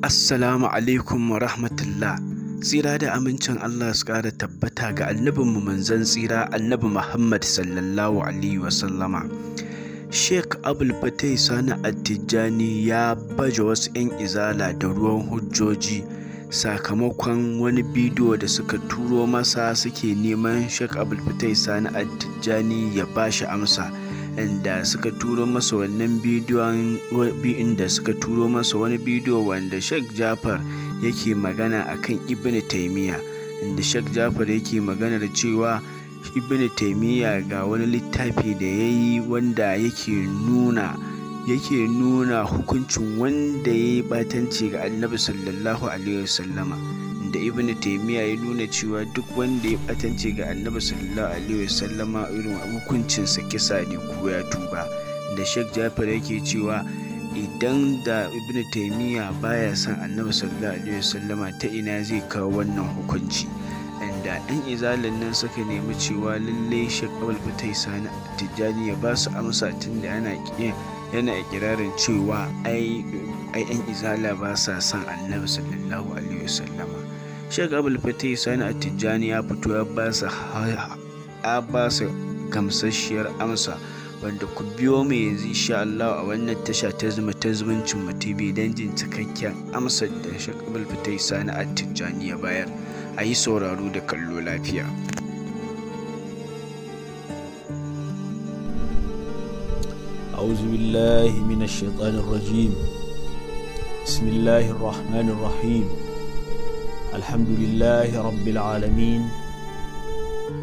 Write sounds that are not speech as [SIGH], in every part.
Assalamu alaikum wa rahmatullah. Tsira da amincin Allah su ƙara tabbata ga annabinmu manzan tsira annabi Muhammad sallallahu alaihi wasallama. Sheikh Abul Fatai Sani Attijani ya baje wasu 'yan izala da ruwan hujjoji sakamakon wani bidiyo da suka turo masa suke neman Sheikh Abul Fatai Sani Attijani ya bashi amsa. waɗanda suka turo masa wannan bidiyon da suka turo masa wani bidiyo wanda Sheikh Jafar yake magana akan Ibn taimiyya inda Sheikh Jafar yake magana da cewa Ibn taimiyya ga wani littafi da ya yi wanda yake nuna yake nuna hukuncin wanda ya yi batanci ga Annabi sallallahu alaihi wasallama da ibn taimiyya ya nuna cewa duk wanda ya batance ga annabi sallallahu alaihi wasallama irin sa kisa ne ko ya tuba da sheikh jafar yake cewa idan da ibn taimiyya baya son annabi sallallahu alaihi wasallama ta ina zai kawo wannan hukunci inda yan izalin nan suka nemi cewa lalle shekawal fitai sani tijjani ya ba su amsa tun da yana ikirarin cewa ai ai yan izala ba sa son annabi sallallahu alaihi wasallama Sheikh Abdul Fatih Sani Attijani ya fito ya ba su ya ba su gamsasshiyar amsa wanda ku biyo mu yanzu insha Allah a wannan tasha ta zuma ta zumuncin mu TV dan jin cikakken amsar da Sheikh Abdul Fatih Sani Attijani ya bayar a yi sauraro da kallo lafiya. أعوذ بالله من الشيطان الرجيم بسم الله الرحمن الرحيم الحمد لله رب العالمين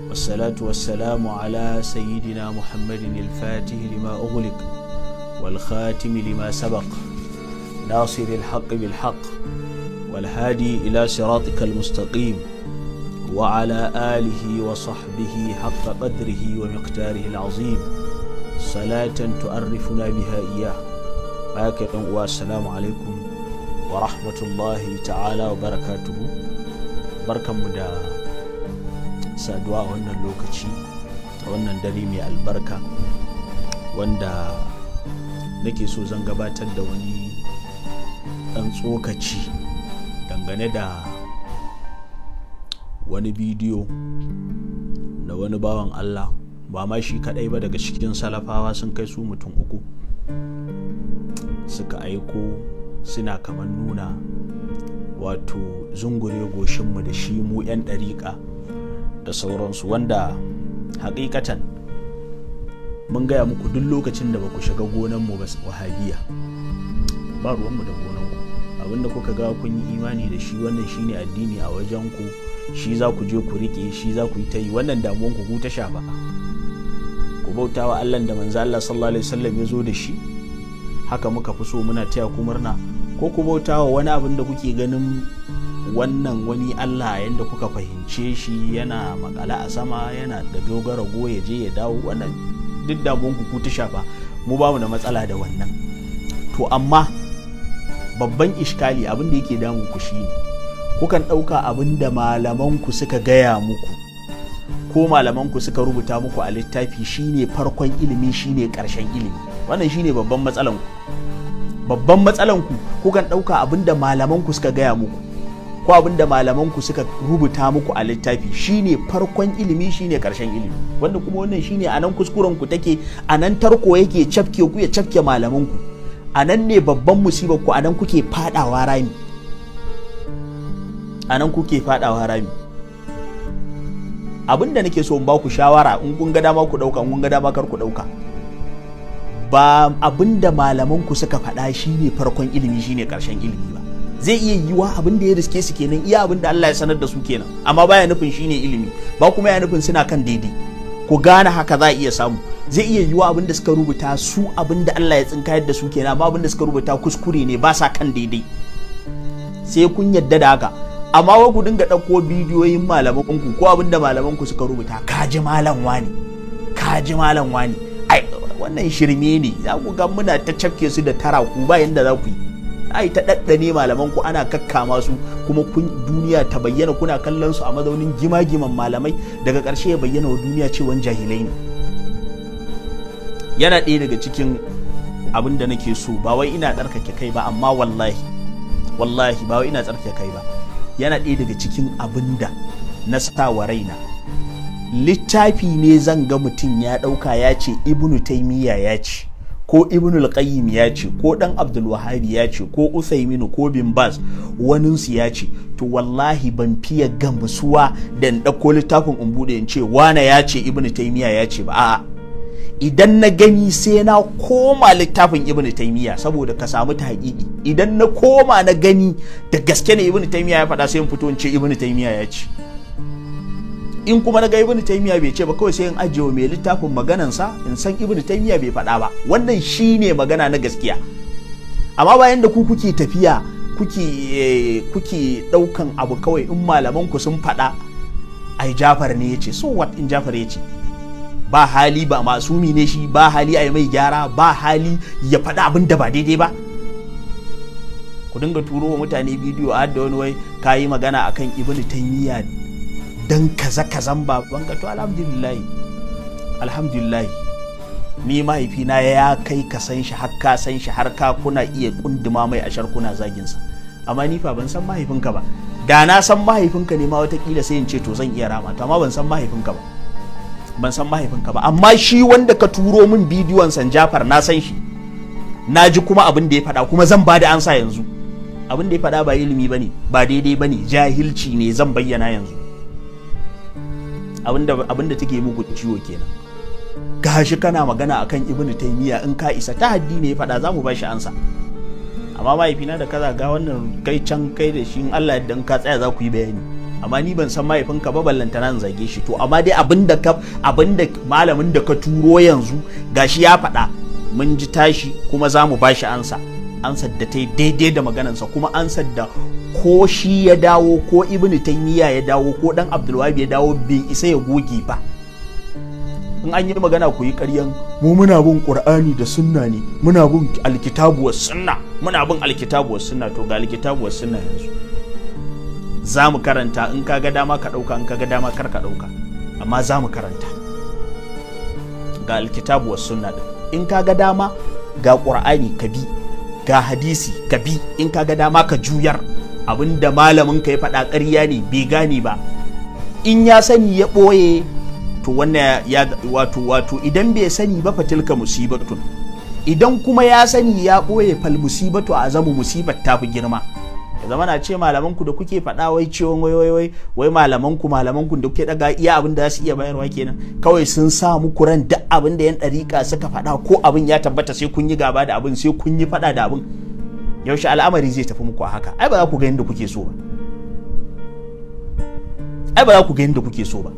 والصلاة والسلام على سيدنا محمد الفاتح لما أغلق والخاتم لما سبق ناصر الحق بالحق والهادي إلى صراطك المستقيم وعلى آله وصحبه حق قدره ومقداره العظيم صلاة تعرفنا بها إياه باكر والسلام عليكم ورحمة الله تعالى وبركاته barkanmu da saduwa a wannan lokaci a wannan dare mai albarka wanda nake so zan gabatar da wani dan tsokaci dangane da wani bidiyo da wani bawan Allah ba ma shi kaɗai ba daga cikin salafawa sun kai su mutum uku suka aiko suna kamar nuna wato zungure goshinmu da shi mu 'yan ɗariƙa da sauransu wanda hakikatan mun gaya muku duk lokacin da ba ku shiga gonanmu ba wahabiya ba ruwanmu da gonanku abinda kuka ga kun yi imani da shi wannan shi ne addini a wajenku shi za ku je ku riƙe shi za ku yi ta yi wannan damuwan ku ta shafa ku bauta wa Allah da manzo Allah sallallahu alaihi wasallam ya zo da shi haka muka fi so muna taya ku murna ko ku bauta wa wani abin da kuke ganin wannan wani Allah yadda kuka fahimce shi yana makala a sama yana da dogara goya, je ya dawo wannan duk damuwan ku ta shafa mu ba mu da matsala da wannan to amma babban ishkali abin da yake damu ku shi kukan ɗauka abin da malaman ku suka gaya muku ko malaman ku suka rubuta muku a littafi shine farkon ilimi shine karshen ilimi wannan shine babban matsalan ku babban matsalan ku kukan ɗauka abin da malaman ku suka gaya muku ko abinda malaman ku suka rubuta muku a littafi shine farkon ilimi shine karshen ilimi wanda kuma wannan shine anan kuskuren ku take anan tarko yake cafke ku ya cafke malaman ku anan ne babban musibar ku anan kuke fadawa rami anan kuke fadawa rami abin da nake so in ba ku shawara in kun ga dama ku dauka in kun ga dama kar ku dauka ba abin da malamanku suka faɗa shine farkon ilimi shine ƙarshen ilimi ba zai iya yiwa abin da ya riske su kenan iya abin da Allah ya sanar da su kenan amma baya nufin shine ilimi ba kuma ya nufin suna kan daidai ku gane haka za a iya samu zai iya yiwa abin da suka rubuta su abin da Allah ya tsinkayar da su kenan amma abin da suka rubuta kuskure ne ba sa kan daidai sai kun yadda da haka amma wai ku dinga ɗauko bidiyoyin malamanku ko abin da malamanku suka rubuta kaji malam wani kaji malam wani wannan shirme ne za ku ga muna ta cafke su da tara ku ba yanda za ku yi ai ta daddane malaman ku ana kakkama su kuma kun duniya ta bayyana kuna kallon su a mazaunin gimagiman malamai daga karshe ya bayyana wa duniya cewan jahilai ne yana ɗaya daga cikin abin da nake so ba wai ina tsarkake kai ba amma wallahi wallahi ba wai ina tsarkake kai ba yana ɗaya daga cikin abin da na sa wa raina littafi ne zan ga mutum ya ɗauka ya ce ibnu taimiyya ya ce ko ibnu qayyim ya ce ko dan Abdulwahari yace, ya ce ko usaiminu ko bin bas waninsu ya ce to wallahi ban fiye gamsuwa da in ɗauko littafin in bude in ce wana ya ce ibnu taimiyya ya ce ba a'a idan na gani sai na koma littafin ibnu taimiyya saboda ka samu ta hakiki idan na koma na gani da gaske ne ibnu taimiyya ya faɗa sai in fito in ce ibnu taimiyya ya ce in kuma na ga ibnu taymiya bai ce ba kawai sai in ajiye mai littafin maganansa in san ibnu taymiya bai faɗa ba wannan shi ne magana na gaskiya amma bayan da ku kuke tafiya kuke eh, ɗaukan abu kawai in malaman ku sun faɗa ai jafar ne yace so what in jafar yace ba hali ba masumi ne shi ba hali a mai gyara ba hali ya faɗa abin da ba daidai ba ku dinga turo wa mutane bidiyo a da wani wai kayi magana akan ibnu taymiya dan kaza kazan ka to alhamdulillahi alhamdulillahi ni mahaifina ya kai ka san shi har ka san shi har ka kuna iya kunduma mai ashar kuna zaginsa amma ni fa ban san mahaifinka ba da na san mahaifinka ne ma watakila sai in ce to zan iya rama to amma ban san mahaifinka ba ban san mahaifinka ba amma shi wanda ka turo min bidiyon san jafar na san shi na ji kuma abin da ya faɗa kuma zan ba da ansa yanzu abin da ya faɗa ba ilimi ba ne ba daidai ba ne jahilci ne zan bayyana yanzu abinda take muku ciwo kenan gashi kana magana akan ibnu taymiya in ka isa ta haddi ne fada za mu bashi ansa amma mahaifina da kaza ga wannan kai can kai da shi in Allah yadda in ka tsaya za ku yi bayani amma ni ban san mahaifinka ba ballanta nan zage shi to amma dai abinda ka abinda malamin da ka turo yanzu gashi ya faɗa mun ji tashi kuma za mu bashi ansa ansar da ta yi daidai da maganansa kuma ansar da ko shi ya dawo ko ibn taymiya ya dawo ko dan abdulwabi ya dawo bai isa ya goge ba in an yi magana ku yi ƙaryan mu muna bin qur'ani da sunna ne muna bin alkitabu sunna muna bin alkitabu sunna to ga alkitabu sunna yanzu za mu karanta in ka ga dama ka ɗauka in ka ga dama kar ka ɗauka amma za mu karanta ga alkitabu sunna ɗin, in ka ga dama ga ƙur'ani ka bi ga hadisi ka bi in ka ga dama ka juyar abin da malamin ka ya faɗa ƙarya ne bai gane ba in ya sani ya ɓoye to wannan ya wato wato idan bai sani ba fatilka musibatun idan kuma ya sani ya ɓoye fal musibatu a azamu musibat ta fi girma zama na ce malaman ku da kuke faɗa wai ciwon wai wai wai wai malaman ku malaman ku da kuke daga iya abin da su iya bayarwa kenan kawai sun sa muku ran duk abin da yan ɗariƙa suka faɗa ko abin ya tabbata sai kun yi gaba da abin sai kun yi faɗa da abin yaushe al'amari zai tafi muku a haka ai ba za ku ga yadda kuke so ba ai ba za ku ga yadda kuke so ba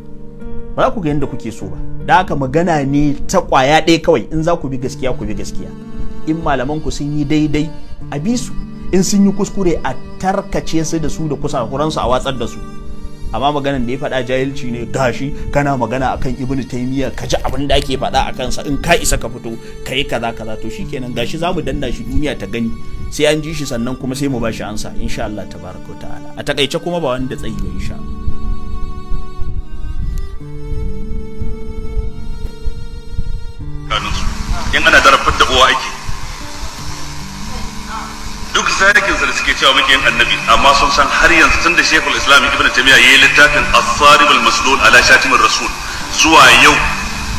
ba za ku ga yadda kuke so ba da haka magana ne ta kwaya ɗaya kawai in za ku bi gaskiya ku bi gaskiya in malaman ku sun yi daidai a bi su in sun yi kuskure a tarkace su da su da kusa a watsar da su amma maganan da ya fada jahilci ne gashi kana magana akan ibnu taymiya ka ji abin da ake faɗa a kansa in ka isa ka fito ka yi kaza kaza to shikenan gashi za mu danna shi duniya ta gani sai an ji shi sannan kuma sai mu ba shi ansa insha Allah tabaraka ta'ala a takaice kuma ba wanda tsayi ba insha Allah in ana darafar da uwa ake duk zarikin sa da suke cewa muke yin annabi amma sun san har yanzu tun da shekul islam ibn tamiya yayi littafin as-sarib al-maslul ala shatim rasul zuwa yau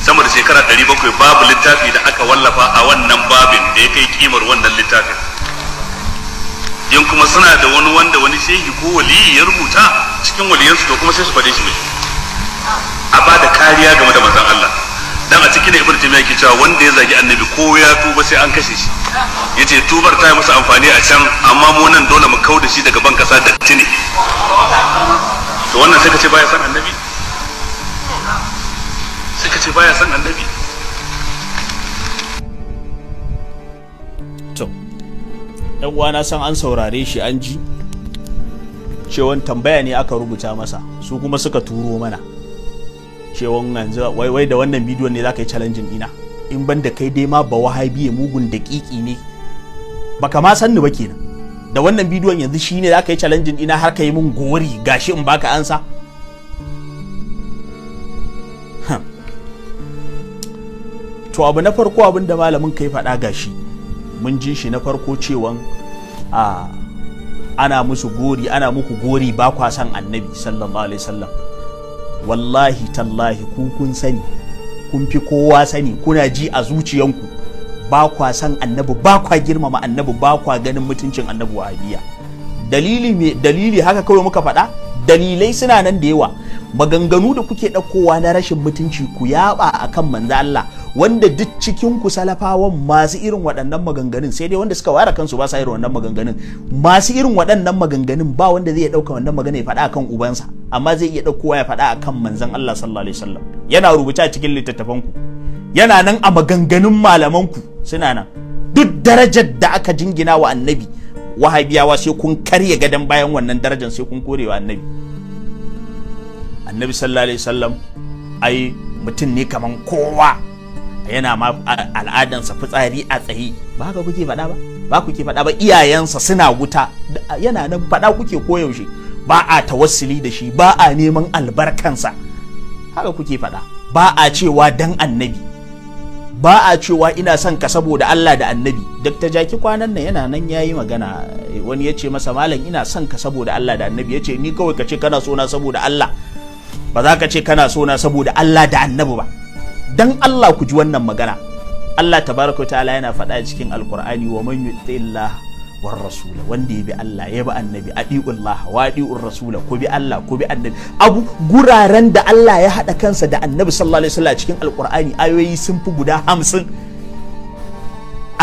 sama da shekara 700 babu littafi da aka wallafa a wannan babin da ya kai kimar wannan littafin in kuma suna da wani wanda wani shehi ko waliyi ya rubuta cikin waliyansu to kuma sai su fade shi ne a ba da kariya game da manzon Allah dan a cikin ibn tamiya yake cewa wanda ya zagi annabi ko ya tuba sai an kashe shi yace tubar ta yi masa amfani a can amma mu nan dole mu da shi daga ban kasa da tini to wannan sai ka ce baya san annabi sai ka ce baya san annabi to ɗan uwa na san an saurare shi an ji cewon tambaya ne aka rubuta masa su kuma suka turo mana cewon yanzu wai da wannan bidiyon ne za ka yi challenging ina in ban da kai dai ma ba wahabi mugun daƙiƙi ne baka ma san ni ba kenan da wannan bidiyon yanzu shine za ka yi challenge ina har ka yi min gori gashi in baka ansa to abu na farko abin da malamin kai faɗa gashi mun ji shi na farko cewan a ana musu gori ana muku gori ba kwa san annabi sallallahu alaihi wasallam wallahi tallahi ku kun sani kun fi kowa sani kuna ji a zuciyanku ba kwa san annabi ba kwa girmama annabi ba kwa ganin mutuncin annabi wahabiya dalili me dalili haka kawai muka faɗa dalilai suna nan da yawa maganganu da kuke ɗaukowa na rashin mutunci ku yaba akan manzo Allah wanda duk cikin ku salafawan masu irin waɗannan maganganun sai dai wanda suka ware kansu ba sa irin waɗannan maganganun masu irin waɗannan maganganun ba wanda zai ɗauka wannan magana ya faɗa akan ubansa amma zai iya ɗaukowa ya faɗa akan manzon Allah sallallahu alaihi wasallam yana rubuta a cikin littattafanku yana nan a maganganun malamanku suna nan duk darajar da aka jingina wa annabi wahabiyawa sai kun karya gadon bayan wannan darajar sai kun kore wa annabi annabi sallallahu alaihi wasallam ai mutum ne kaman kowa yana ma al'adansa fitsari a tsaye ba ka kuke faɗa ba ba kuke faɗa ba iyayensa suna wuta yana nan faɗa kuke koyaushe ba a tawassuli da shi ba a neman albarkansa haka kuke faɗa ba a cewa dan annabi ba a cewa ina son ka saboda Allah da annabi duk ta jaki kwanan nan yana nan yayi magana wani ya ce masa malam ina son ka saboda Allah da annabi ya ce ni kawai ka ce kana so na saboda Allah ba za ka ce kana so na saboda Allah da annabi ba dan Allah ku ji wannan magana Allah tabaraka ta'ala yana faɗa cikin alkur'ani wa man yuti'illah war rasula wanda ya bi Allah ya bi annabi laha wa di'un rasula ko bi Allah ko bi annabi abu guraren da Allah ya hada kansa da annabi sallallahu alaihi wasallam cikin alqur'ani ayoyi sun fi guda hamsin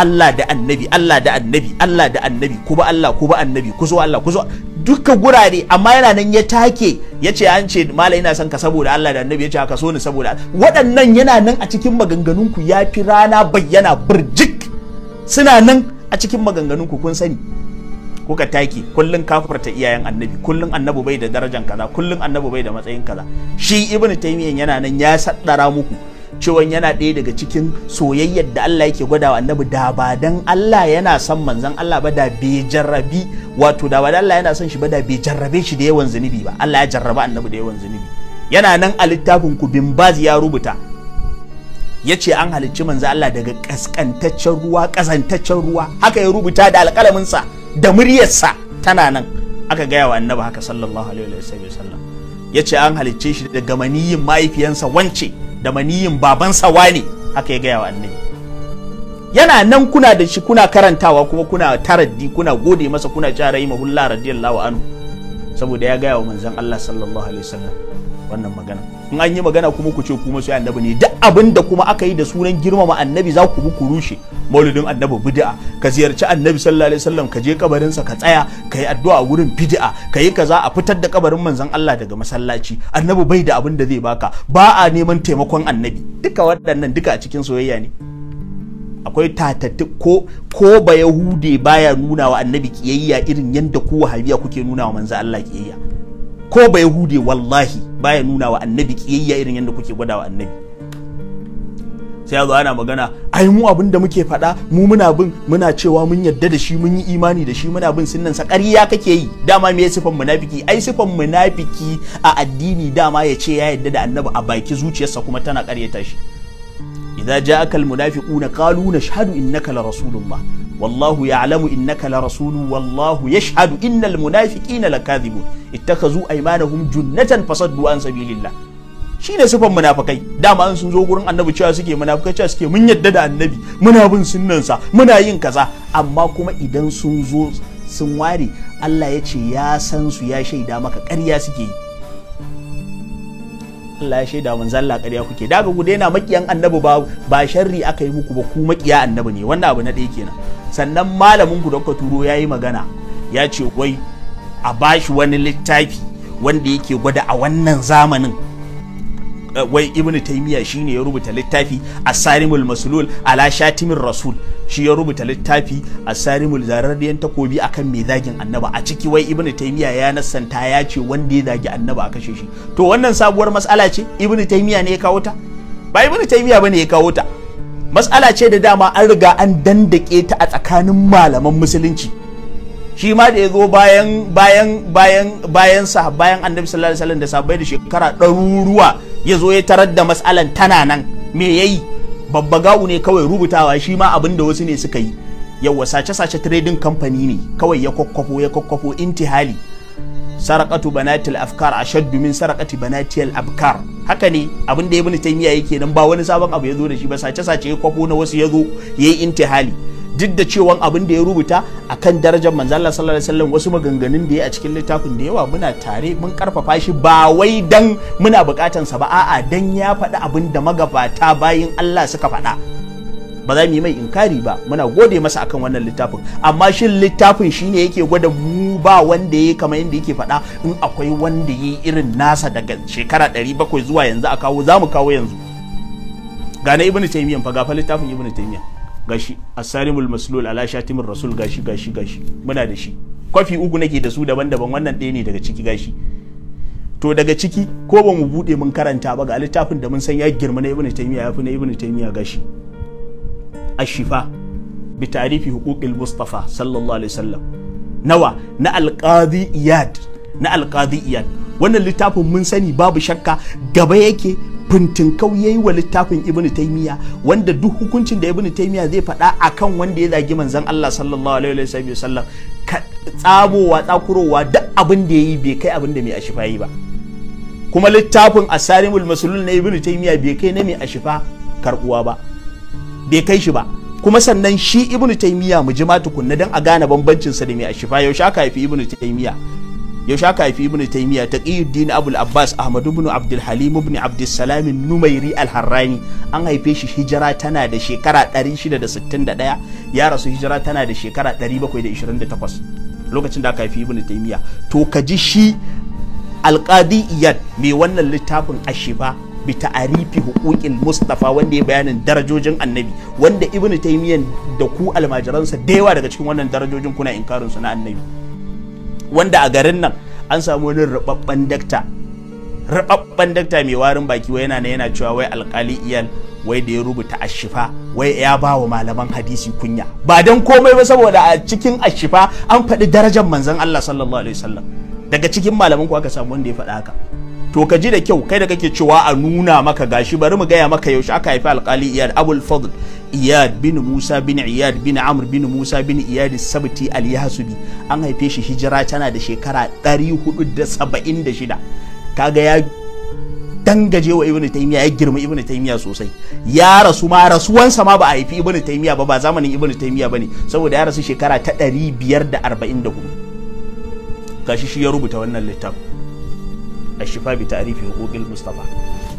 Allah da annabi Allah da annabi Allah da annabi ko ba Allah ko ba annabi ku zo Allah ku zo dukkan gurare amma yana nan ya take ya ce an ce mala ina son ka saboda Allah da annabi ya ce haka so ni saboda waɗannan yana nan a cikin maganganunku ya fi rana bayyana birjik suna nan a cikin maganganun ku kun sani kuka take kullun kafarta iyayen annabi kullun annabi bai da darajan kaza kullun annabi bai da matsayin kaza shi ibnu taymiyyah yana nan ya saddara muku cewa yana ɗaya daga cikin soyayyar da Allah yake gwada wa annabi da ba dan Allah yana son manzon Allah ba da bai jarrabi wato da ba Allah yana son shi ba da bai jarrabe shi da yawan zunubi ba Allah ya jarraba annabi da yawan zunubi yana nan a littafin ku bin ya rubuta ya ce an halicci manzo Allah daga kaskantaccen ruwa ƙazantaccen ruwa haka ya rubuta da sa da muryarsa tana nan aka gaya wa annabi haka sallallahu alaihi wa sallam. ya ce an halicce shi daga maniyin mahaifiyansa wance da maniyin babansa wane haka ya gaya wa annabi yana nan kuna da shi kuna karantawa kuma kuna taraddi kuna gode masa kuna cewa rahimahullah radiyallahu anhu saboda ya gaya wa Manzan Allah sallallahu alaihi wasallam wannan magana in an yi magana kuma ku ce ku masu annabi ne duk abin da kuma aka yi da sunan girmama annabi za ku bi ku rushe maulidin annabi bid'a ka ziyarci annabi sallallahu alaihi wasallam ka je sa ka tsaya ka yi addu'a wurin bid'a ka yi kaza a fitar da kabarin Manzan Allah daga masallaci annabi bai da abin da zai baka ba a neman taimakon annabi duka waɗannan duka a cikin soyayya ne akwai tatattu ko ko ba yahude baya nuna wa annabi kiyayya irin yadda ku wahabiya kuke nuna wa manzo Allah kiyayya ko ba yahude wallahi baya nuna wa annabi kiyayya irin yadda kuke gwada wa annabi sai yazo ana magana ai mu abin da muke faɗa mu muna bin muna cewa mun yadda da shi mun yi imani da shi muna bin sunnan sa ƙarya kake yi dama me sifan munafiki ai sifan munafiki a addini dama ya ce ya yadda da annabi a baki zuciyarsa kuma tana ƙaryata shi idza ja'aka almunafiquna qalu nashhadu innaka la rasulullah wallahu ya'lamu innaka la rasulu wallahu yashhadu innal munafiqina lakadhibun ittakhazu aymanahum junnatan fasaddu an sabilillah shine sifan munafikai dama an sun zo gurin annabi cewa suke munafikai cewa suke mun yadda da annabi muna bin sa muna yin kaza amma kuma idan sun zo sun ware Allah ya ce ya san su ya shaida maka karya suke yi Allah ya shaida mun zalla ƙarya kuke daga ku daina makiyan annabi ba ba sharri aka yi muku ba ku makiya annabi ne wannan abu na ɗaya kenan sannan malamin ku dokka turo yayi magana ya ce wai a bashi wani littafi wanda yake gwada a wannan zamanin Uh, wai ibn taymiya shine ya rubuta littafi asarimul maslul ala shatimin rasul shi ya rubuta littafi asarimul zararriyan takobi akan mai zagin annaba a ciki wai ibn taymiya ya nasanta ya ce wanda ya zagi annaba a kashe shi to wannan sabuwar matsala ce ibn taymiya ne ya kawo ta ba ibn taymiya bane ya kawo ta mas'ala ce da dama an riga an dandake ta a tsakanin malaman musulunci shi ma da ya zo bayan bayan bayan bayan sa bayan annabi sallallahu alaihi wasallam da sabai da shekara ɗaruruwa ya zo ya tarar da matsalan tana nan me ya yi babba gawu ne kawai rubutawa shi ma abin da wasu ne suka yi yawa sace-sace trading company ne kawai ya kwakwafo ya kwakwafo intihali sarakatu banatil afkar a min sarakati banatil afkar haka ne abin da ya bani taymiya yake nan ba wani sabon abu ya zo da shi ba sace-sace ya kwafo na wasu ya zo yayi intihali duk da cewa abin da ya rubuta a kan darajar Manzala Allah sallallahu alaihi wasallam wasu maganganun da ya a cikin littafin da yawa muna tare mun karfafa shi ba wai dan muna bukatan sa ba a'a dan ya faɗi abin da magabata bayin Allah suka faɗa ba za mu yi mai inkari ba muna gode masa akan wannan littafin amma shi littafin shine yake gwada mu ba wanda ya kamar yadda yake faɗa in akwai wanda ya irin nasa daga shekara 700 zuwa yanzu a kawo za mu kawo yanzu gane ibnu taymiyyah fa gafa littafin ibnu taymiyyah gashi asalimul maslul ala shatimur rasul gashi gashi gashi muna da shi kwafi uku nake da su daban-daban wannan ɗaya ne daga ciki gashi to daga ciki ko ba mu bude mun karanta ba ga littafin da mun san ya girma na ibnu taymiya ya fi na ibnu taymiya gashi ashifa bi tarifi huquqil mustafa sallallahu alaihi wasallam nawa na alqadi iyad na alqadi iyad wannan littafin mun sani babu shakka gaba yake fintin ya yi wa littafin ibn taimiya wanda duk hukuncin da ibn taimiya zai faɗa a kan wanda ya zagi manzan Allah sallallahu alaihi wa sallam tsabowa tsakurowa duk abin da ya yi bai kai abin da mai ashifa yi ba kuma littafin asarimul masulul na ibn taimiya bai kai na mai ashifa karbuwa ba bai kai shi ba kuma sannan shi ibn taimiya mu jima tukunna dan a gane bambancin sa da mai ashifa yaushe aka haifi ibn taimiya ya sha kafi ibn taymiya taqiyuddin abul abbas ahmad ibn abdul halim ibn salamin numairi al an haife shi hijira tana da shekara 661 ya rasu hijira tana da shekara 728 lokacin da aka haifi ibn taymiya to ka ji shi iyan mai wannan littafin ashiba bi ta'arifi huquqil mustafa wanda ya bayanin darajojin annabi wanda ibn taymiyan da ku almajiransa da yawa daga cikin wannan darajojin kuna inkarin su na annabi wanda a garin nan an samu wani rababban dakta rababban dakta mai warin baki wai yana yana cewa wai alkali iyal wai da ya rubuta ashifa wai ya ba wa malaman hadisi kunya ba dan komai ba saboda a cikin ashifa an faɗi darajar manzon Allah sallallahu alaihi wasallam daga cikin malaman ku aka samu wanda ya faɗa haka to ka ji da kyau kai da kake cewa a nuna maka gashi bari mu gaya maka yaushe aka haifi alkali iyad abul fadl iyad bin musa bin iyad bin amr bin musa bin iyad sabti al an haife shi hijira tana da shekara 476 kaga ya dangaje wa ibnu taymiya ya girma ibnu taymiya sosai ya rasu ma rasuwansa ma ba a haifi ibnu taymiya ba ba zamanin ibnu taymiya bane saboda ya rasu shekara ta 544 gashi shi ya rubuta wannan littafin ashifa bi ta'arifi huquqil mustafa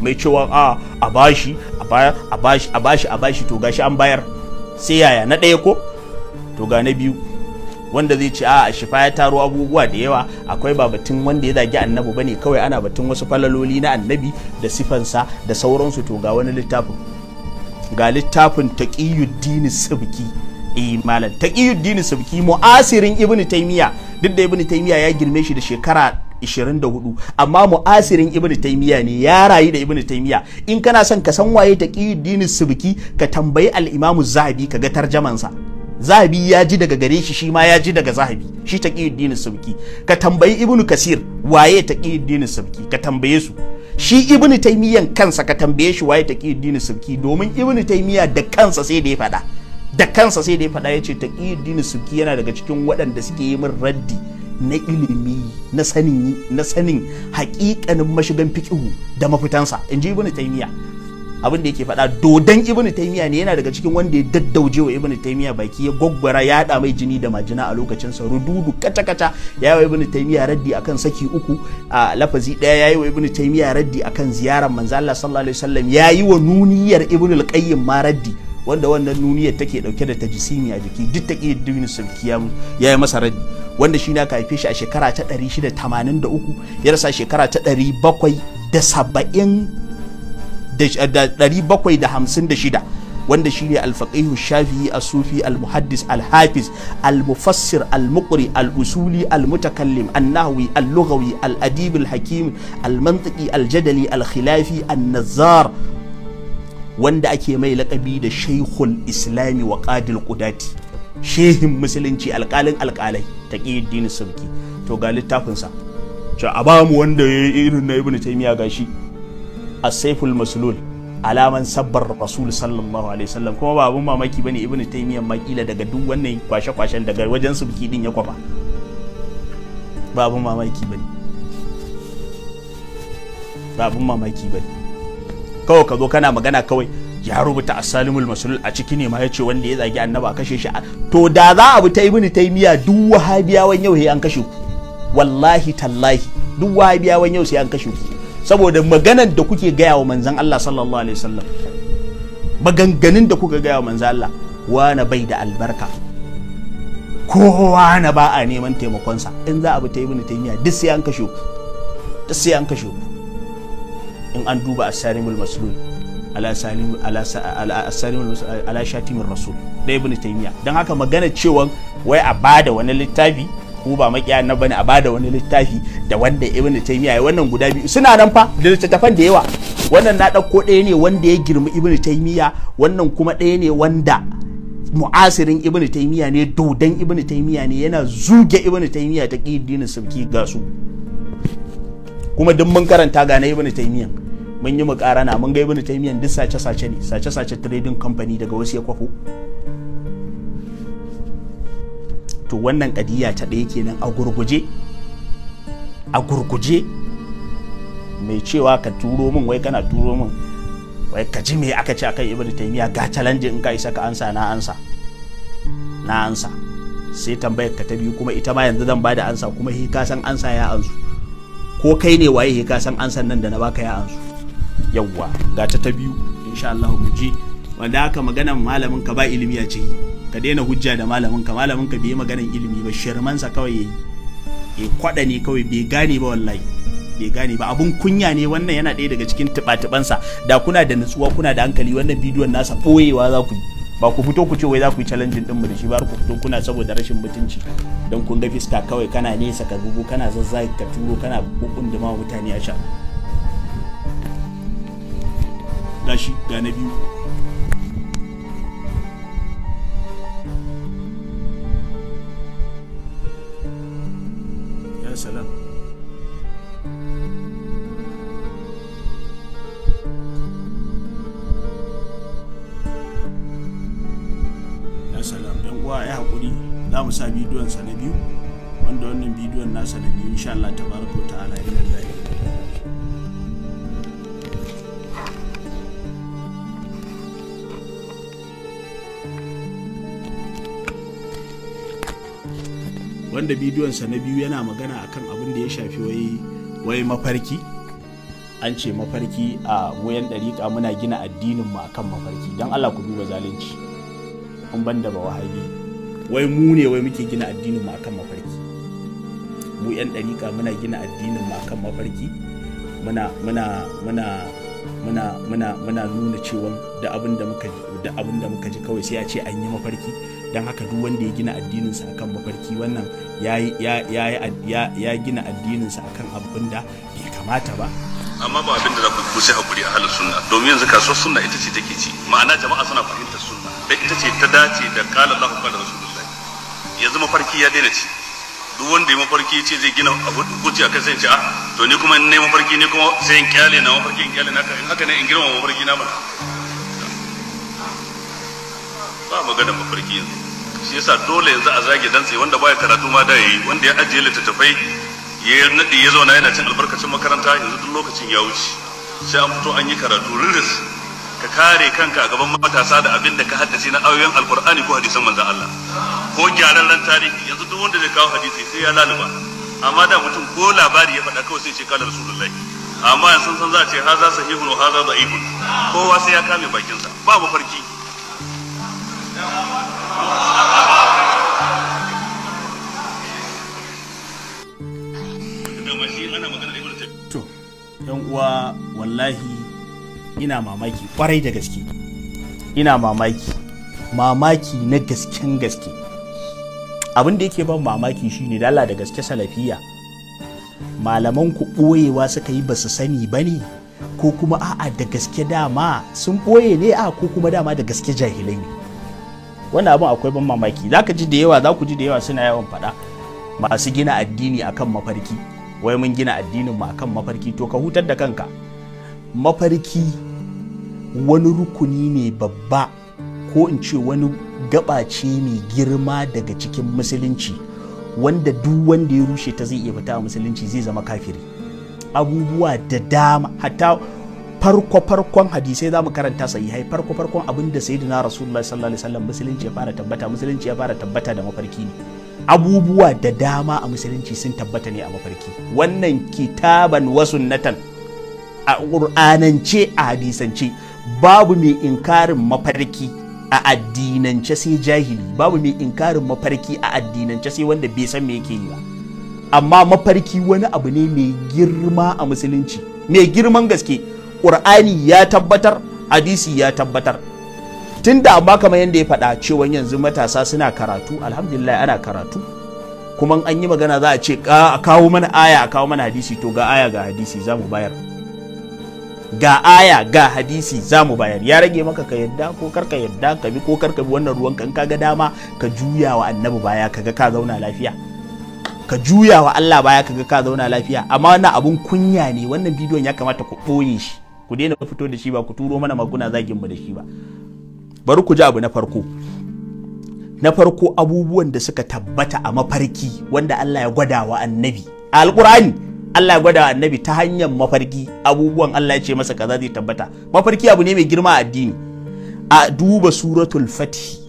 mai cewa a a bashi a a bashi a bashi a bashi to gashi an bayar sai yaya na ɗaya ko to ga na biyu wanda zai ce a ah, a shifa ya taro abubuwa da yawa akwai ba batun wanda ya zagi annabi bane kawai ana batun wasu falaloli na annabi da sifansa da sauransu to ga wani littafin ga littafin taqiyuddin sibki E, eh, malam taqiyuddin sibki mu'asirin ibnu taymiya duk da ibnu taymiya ya girme shi da shekara 24 amma mu'asirin ibnu taymiya ne ya rayu da ibnu taymiya in kana son ka san waye ta taqiyuddin subki ka tambayi al-imam zahabi kaga tarjaman sa zahabi ya ji daga gare shi shi ma ya ji daga zahabi shi taqiyuddin subki ka tambayi ibnu kasir waye ta taqiyuddin subki ka tambaye su shi ibnu taymiyan kansa ka tambaye shi waye taqiyuddin subki domin ibnu taymiya da kansa sai da ya faɗa da kansa sai da ya faɗa ya ce taqiyuddin subki yana daga cikin waɗanda suke yi min raddi na ilimi na sanin na sanin hakikanin mashigan fikihu da mafitansa inji ibnu taymiya abin da yake faɗa dodon ibnu taymiya ne yana daga cikin wanda ya daddauje wa Ibn taymiya baki ya gwaggwara ya da mai jini da majina a lokacin sa rududu kaca kaca ya yi ibnu taymiya raddi akan saki uku a lafazi ɗaya ya yi wa ibnu taymiya raddi akan ziyarar manzo Allah sallallahu alaihi wasallam ya yi wa nuniyar ibnu al-qayyim ma raddi wanda wannan nuniyar take dauke da tajisimi a jiki duk ta ƙiddin sulkiyam ya yi masa raddi wanda shi na haife shi a shekara ta 683 ya rasa shekara ta 756 wanda shi ne alfaqihu shafi'i as-sufi al-muhaddis al-hafiz al-mufassir al-muqri al-usuli al-mutakallim an-nahwi al-lughawi al-adib al-hakim al-mantiqi al-jadali al-khilafi an wanda ake mai laƙabi da shaikhul islami wa qadil qudati shehin musulunci alƙalin alƙalai taqiyuddin subki to ga littafinsa to a ba mu wanda ya yi irin na ibnu taymiya gashi as-saiful maslul alaman sabbar rasul sallallahu alaihi wasallam kuma ba abun mamaki bane ibnu taymiya makila daga duk wannan kwashe kwashen daga wajen subki din ya kwafa ba abun mamaki bane ba abun mamaki bane kawai ka zo kana magana kawai ya rubuta asalimul masulul a ciki ne ma ya ce wanda ya zagi annaba a kashe shi to da za a bi ta ibnu taymiya duk wahabiyawan yau sai an kashe ku wallahi tallahi duk wahabiyawan yau sai an kashe ku saboda maganan da kuke gaya wa manzan Allah sallallahu alaihi wasallam maganganun da kuka gaya wa manzan Allah wani bai da albarka kowa na ba a neman taimakonsa in za a bi ta ibnu taymiya duk sai an kashe ku duk sai an kashe ku in an duba asarimul maslul ala shatimin rasul da ibn taymiya don haka magana cewa wai a bada wani littafi ko ba makiya na bane a bada wani littafi da wanda ibn taymiya ya wannan guda biyu suna nan fa da littattafan da yawa wannan na ɗauko ɗaya ne wanda ya girma ibn taymiya wannan kuma ɗaya ne wanda mu'asirin ibn taymiya ne dodan ibn taymiya ne yana zuge ibn taymiya ta ƙi dinin sulki ga su kuma duk mun karanta ga na ibn taymiya mun yi na mun ga ibnu taymiyan duk sace sace ne sace sace trading company daga wasu ya kwafo to wannan kadiya ta ɗaya kenan a gurguje a gurguje mai cewa ka turo min wai kana turo min wai ka ji me aka ce akan ibnu taymiya ga challenge in ka isa ka ansa na ansa na ansa sai tambayar ka ta biyu kuma ita ma yanzu zan ba da ansa kuma hi ka san ansa ya ansu ko kai ne waye hi ka san ansan nan da na baka ya ansu yawwa ga ta ta biyu insha Allah mu wanda aka maganan malamin ka ba ilimi a ciki ka daina hujja da malamin ka malamin ka bai maganan ilimi ba shirman sa kawai yayi e kwada ne kawai bai gane ba wallahi bai gane ba abun kunya ne wannan yana ɗaya daga cikin tuba sa da kuna da nutsuwa kuna da hankali wannan bidiyon nasa boyewa za ku ba ku fito ku ce wai za ku yi challenge din mu da shi ba ku fito kuna saboda rashin mutunci don kun ga fiska kawai kana nesa ka gugu kana zazzai ka turo kana bukun da ma mutane a sha tashi ga na biyu ya salam ya salam yan uwa ya haƙuri za mu sa bidiyonsa na biyu wanda wannan bidiyon nasa na biyu insha Allah ta ta ala ya wanda bidiyonsa na biyu yana magana akan abin da ya shafi wai mafarki an ce mafarki a wayan dariƙa muna gina addinin mu akan mafarki don Allah ku duba zalunci in ban da ba wahabi wai mu ne wai muke gina addinin mu akan mafarki mu yan dariƙa muna gina addinin mu akan mafarki muna muna muna muna muna muna nuna cewa da abin da muka da abin da muka ji kawai sai a ce an yi mafarki don haka duk wanda ya gina addininsa akan mafarki wannan ya gina addininsa akan abin da ya kamata ba amma ba abin da za ku a kuri a halin sunna domin yanzu kasuwar sunna ita ce take ci ma'ana jama'a suna fahimtar sunna da ita ce ta dace da qala Allahu qala rasulullahi yanzu mafarki ya daina ci duk wanda ya mafarki ce zai gina abu kuci akan sai ce a ah, to ni kuma ne mafarki ne kuma sai in kyale na mafarki in kyale na in haka ne in girma mafarki na mana ba magana mafarki yanzu shi yasa dole yanzu a zage dantse wanda baya karatu ma da yayi wanda ya ajiye littattafai ya nadi ya zauna yana cin albarkacin makaranta yanzu duk lokacin ya wuce sai an fito an yi karatu riris ka kare kanka a gaban matasa da abin da ka haddace na ayoyin alkur'ani ko hadisan manzon Allah ko ran tarihi yanzu duk wanda zai kawo hadisi sai ya laluba amma da mutum ko labari ya faɗa kawai sai ce kala rasulullahi amma yanzu san za a ce haza sahihun wa haza da'ifun kowa sai ya kame bakinsa ba mafarki to yan uwa wallahi ina mamaki kwarai da gaske ina mamaki mamaki na gasken gaske abin da yake ban mamaki shine dala da gaske salafiya malaman ku ɓoyewa suka yi basu sani ba ne ko kuma a'a da gaske dama sun ɓoye ne a ko kuma dama da gaske jahilai ne wannan abin akwai ban mamaki za ka ji da yawa za ku ji da yawa suna yawan faɗa masu gina addini akan mafarki wai mun gina addinin mu akan mafarki to ka hutar da kanka mafarki wani rukuni ne babba ko in ce wani gaɓa ce mai girma daga cikin musulunci wanda duk wanda ya rushe ta zai iya fita a musulunci zai zama kafiri abubuwa da dama hatta farko farkon hadisai za mu karanta hai farko farkon abin da sayyidina rasulullahi sallallahu alaihi wasallam musulunci ya fara tabbata musulunci ya fara tabbata da mafarki ne abubuwa da dama a musulunci sun tabbata ne a mafarki wannan kitaban wa sunnatan a ƙur'anance a hadisance babu mai inkarin mafarki a addinance sai jahili babu mai inkarin mafarki a addinance sai wanda bai san me yake yi ba amma mafarki wani abu ne mai girma a musulunci mai girman gaske ƙur'ani ya tabbatar hadisi ya tabbatar tun da amma kamar yadda ya faɗa cewa yanzu matasa suna karatu alhamdulillah ana karatu kuma an yi magana za a ce a kawo mana aya a kawo mana hadisi to ga aya ga hadisi za mu bayar ga aya ga hadisi za mu bayar ya rage maka ka yadda ko ka yadda ka bi ko ka bi wannan ruwan kan kaga dama ka juya wa annabi baya kaga ka zauna lafiya ka juya wa Allah baya kaga ka zauna lafiya amma wannan abun kunya ne wannan bidiyon ya kamata ku ɓoye shi ku daina fito da shi ba ku turo mana maguna zagin mu da shi ba bari ku ji abu na farko na farko abubuwan da suka tabbata a mafarki wanda Allah ya gwada wa annabi a Allah ya gwada wa annabi ta hanyar mafarki abubuwan Allah ya ce masa kaza zai tabbata mafarki abu ne mai girma a addini a duba suratul fatih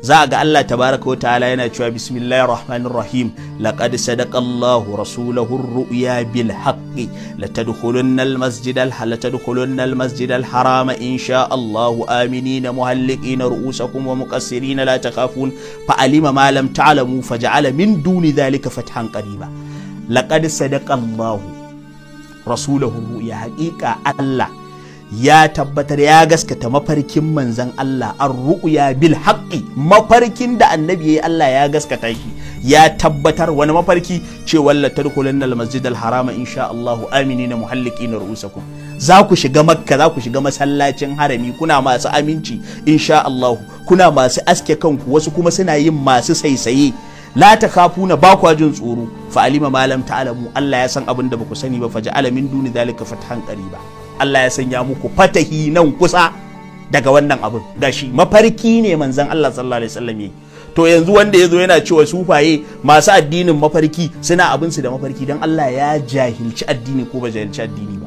za a ga Allah tabaraka wa ta'ala yana cewa bismillahir rahmanir rahim laqad sadaqallahu rasulahu ruya bil haqqi latadkhulunna al masjid al latadkhulunna al masjid al haram insha Allah aminina muhalliqina ru'usakum wa muqassirina la takhafun fa alima ma lam ta'lamu faja'ala min duni dhalika fathan qariba laqad sadaqallahu rasulahu ruya haqiqa Allah ya tabbatar ya gaskata mafarkin manzan Allah an ru'uya bil haƙƙi mafarkin da annabi yi Allah ya gaskata shi ya tabbatar wani mafarki cewa la tadkhulanna al masjid al harama insha Allah aminina muhalliqina ru'usakum za ku shiga makka za ku shiga masallacin harami kuna masu aminci insha Allah kuna masu aske kanku wasu kuma suna yin masu saisaye la ta kafuna ba kwa jin tsoro fa alima malam ta'alamu Allah ya san abin da ba ku sani ba alamin ja'ala min duni zalika fathan qariba Allah ya sanya muku fatahi nan kusa daga wannan abin gashi mafarki ne manzon Allah sallallahu alaihi wasallam to yanzu wanda ya zo yana cewa sufaye masu addinin mafarki suna abinsu da mafarki don Allah ya jahilci addini ko ba jahilci addini ba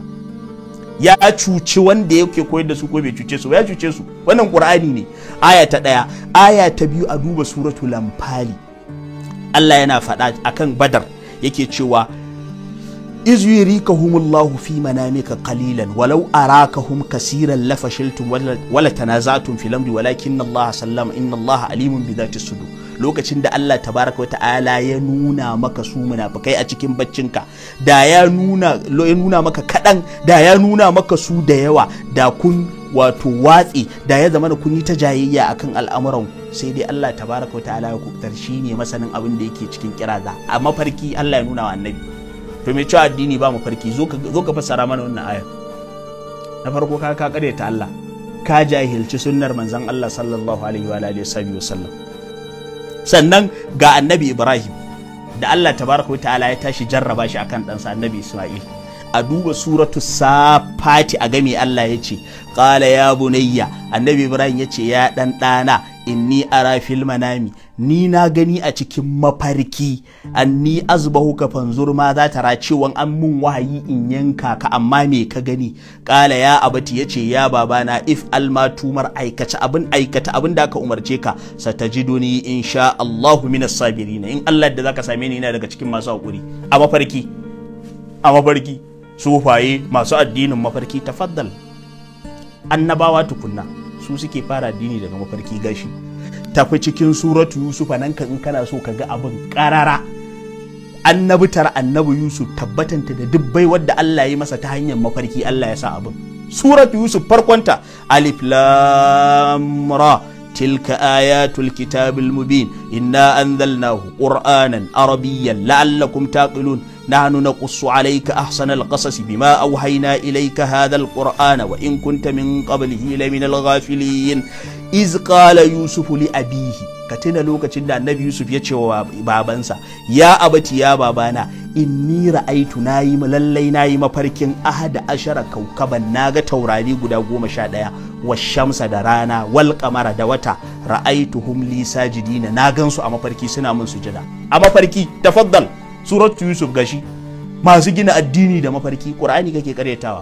ya cuci wanda yake koyar da su ko bai cuce su ba ya cuce su wannan qur'ani ne aya ta daya aya ta biyu a duba suratul anfali Allah yana faɗa akan badar yake cewa iz yurikahumullahu fi manamika kalilan walau arakahum kaseeran lafashiltum wala tanaza'tum fil amri walakin Allah sallama inna Allah alimun bi dhati sudur lokacin da Allah tabaraka wa ta'ala ya nuna maka su munafikai a cikin baccinka da ya nuna ya nuna maka kadan da ya nuna maka su da yawa da kun wato watsi da ya zama kun yi ta jayayya akan al'amuran sai dai Allah tabaraka wa ta'ala ya masanin abin da yake cikin kiraza a mafarki Allah ya nuna wa annabi to me cewa addini ba mafarki zo ka fassara mana wannan ayar na farko ka ka ta Allah ka jahilci sunnar manzon Allah sallallahu alaihi wa alihi wasallam sannan ga annabi Ibrahim da Allah tabaraka wa ta'ala ya tashi jarraba shi akan ɗansa annabi Isma'il a duba suratu safati a game Allah ya ce ƙala ya bunayya annabi ibrahim ya ce ya ɗanɗana. dana inni ara fil manami ni na gani a cikin mafarki anni azbahu ka fanzur ma za ta racewan an mun wahayi in yanka ka amma me ka gani kala ya abati yace ya baba na if alma tumar aikata abin aikata abin da aka umarce ka satajiduni insha Allah minas sabirin in Allah da zaka same ni ina daga cikin masu hakuri a mafarki a mafarki sufaye masu addinin mafarki tafaddal annabawa tukunna su suke fara addini daga mafarki gashi tafi cikin suratu yusuf nan ka in kana so ka ga abin karara tara, annabi yusuf tabbatanta da dubbai wadda allah ya masa ta hanyar mafarki allah ya sa abin suratu yusuf farkonta alif lam ra tilka ayatul kitabil mubin inna anzalnahu qur'anan arabiyyan la'allakum taqilun نحن نقص عليك أحسن القصص بما أوحينا إليك هذا القرآن وإن كنت من قبله لمن الغافلين إذ قال يوسف لأبيه كتنا لوكا تشندا النبي يوسف يتشوى بابنسا يا أبتي يا بابانا inni ra'aitu nayi lallai nayi mafarkin ahada ashara kaukaban ga taurari guda goma sha ɗaya wa shamsa da rana wal kamara da wata ra'aitu hum li sajidina na gansu a mafarki suna mun sujada a mafarki tafaddal suratu yusuf gashi masu gina addini da mafarki qur'ani kake karyatawa